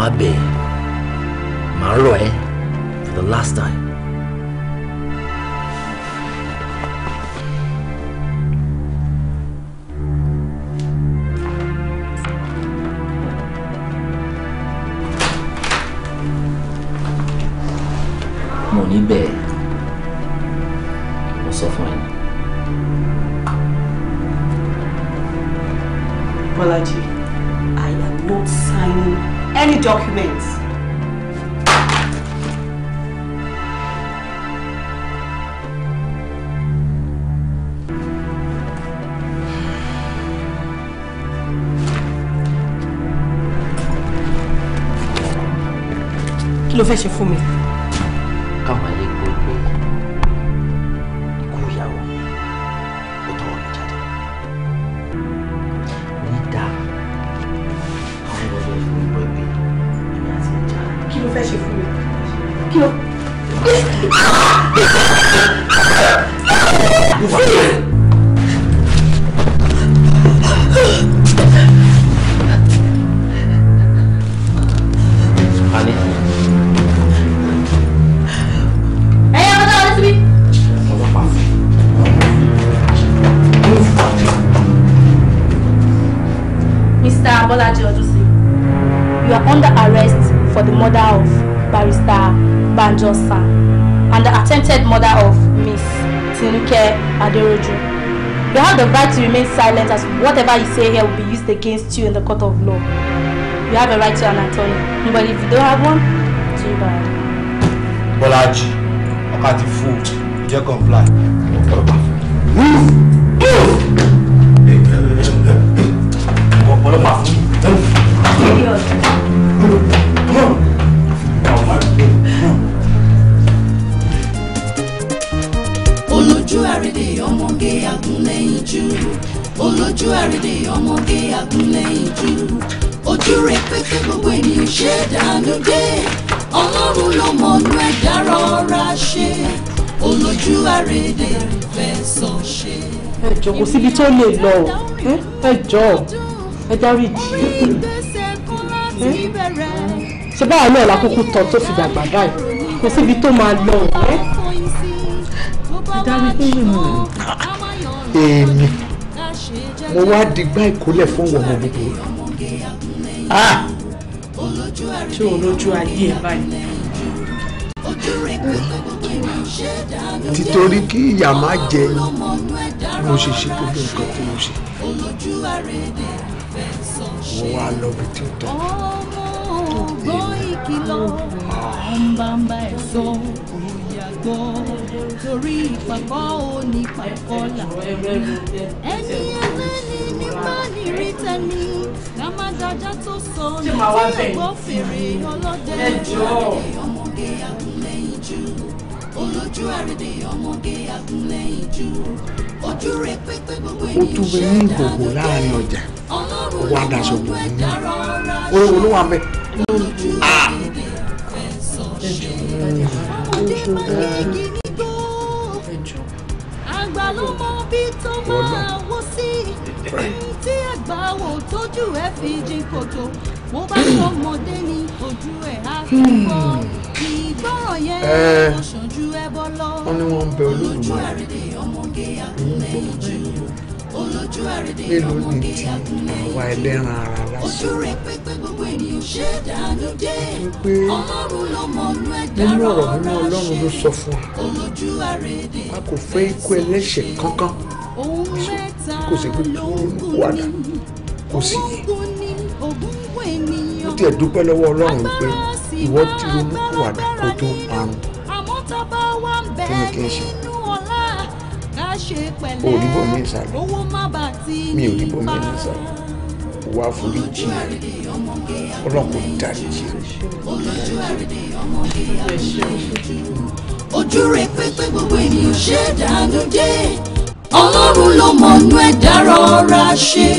My bẹ̀ ẹ́ màá for the last time. mo ní fẹ́ ṣe fún mi. whatever you say here will be used against you in the court of law. You have a right to an attorney. But if you don't have one, too bad. Bolaji, Okati fool, you comply. Move! Move! Ọlọ́pàá fún mi. olójú àrédè ọmọge agúnlẹ̀yìn jù olójú àrídè ọmọge àgúnlẹ̀yìn jù ojú rẹ̀ pépé gbogbo ènìyàn ṣe dànù dé ọlọ́run ló mọ̀nú ẹ̀dá rọra ṣe olójú àrídè fẹ́ sọ ṣe. ẹ jọ kò síbi tó lè lọ o ẹ jọ ẹ dárí jì í ṣe báwa náà lákòókò tán tó fi dàgbà báyìí kò síbi tó máa lọ o ẹ dárí jì í mo wá digbá ìkólẹ̀ fún ọmọ búburú tí ah, òun lójú ayé ẹ̀ báyìí. títorí kí ìyà má jẹ mo ṣe ṣe gbogbo nǹkan tí mo ṣe mo wá lọ bí tí ó tọ́ kìlọ̀ ọ̀nbàǹbà ẹ̀sọ́ òyàgbọ́ torí ìpàkọ́ òní pàkọ́ làwọn ẹni ẹlẹ́ni nípa nìrí tẹni ká má dájá tó sọ ní tí ẹ̀gbọ́ fèrè ọlọ́dẹ ìwádìí ọmọge àgúnlẹ̀yìn jù olójú àrídì ọmọge àgúnlẹ̀yìn jù ojú rẹ̀ pépé gbogbo ènìyàn ṣe dáadọ́ pé ọlọ́run ló fẹ́ dára ọ̀rá ṣe. olówó ló wà bẹ́ẹ̀. Hmm. àgbà ló mọ bí tó máa wó sí tí àgbà wò tójú ẹ fi jí kòtò mo bá tọmọdé ní ojú ẹ á fi gbọ́ ìgbọràn yẹn ló ṣojú ẹ bọ́ lọ ojú ẹ rèé ọmọge àkúlẹ̀ ìjù mélòó ni ti àwa ẹlẹ́ran ara lásán. wípé nínú ọ̀rọ̀ nínú ọlọ́run ló sọ fún wa a kò fẹ́ ikú ẹlẹ́ṣẹ̀ kankan kò sì pé kó wà dà kò sì yé ó tiẹ̀ dúpẹ́ lọ́wọ́ ọlọ́run pé ìwọ ti ronú kó wà dà kó tó parun kí ni kí n ṣe ṣe pẹ̀lẹ́ òdìbò mi sá lówó má bà tí mi òdìbò mi sá wá foríjì ọlọ́kùn dáríjì. ojú rẹ̀ pépé gbogbo ènìyàn ṣe dànù dé ọlọ́run ló mọ̀nú ẹ̀dá rọra ṣe.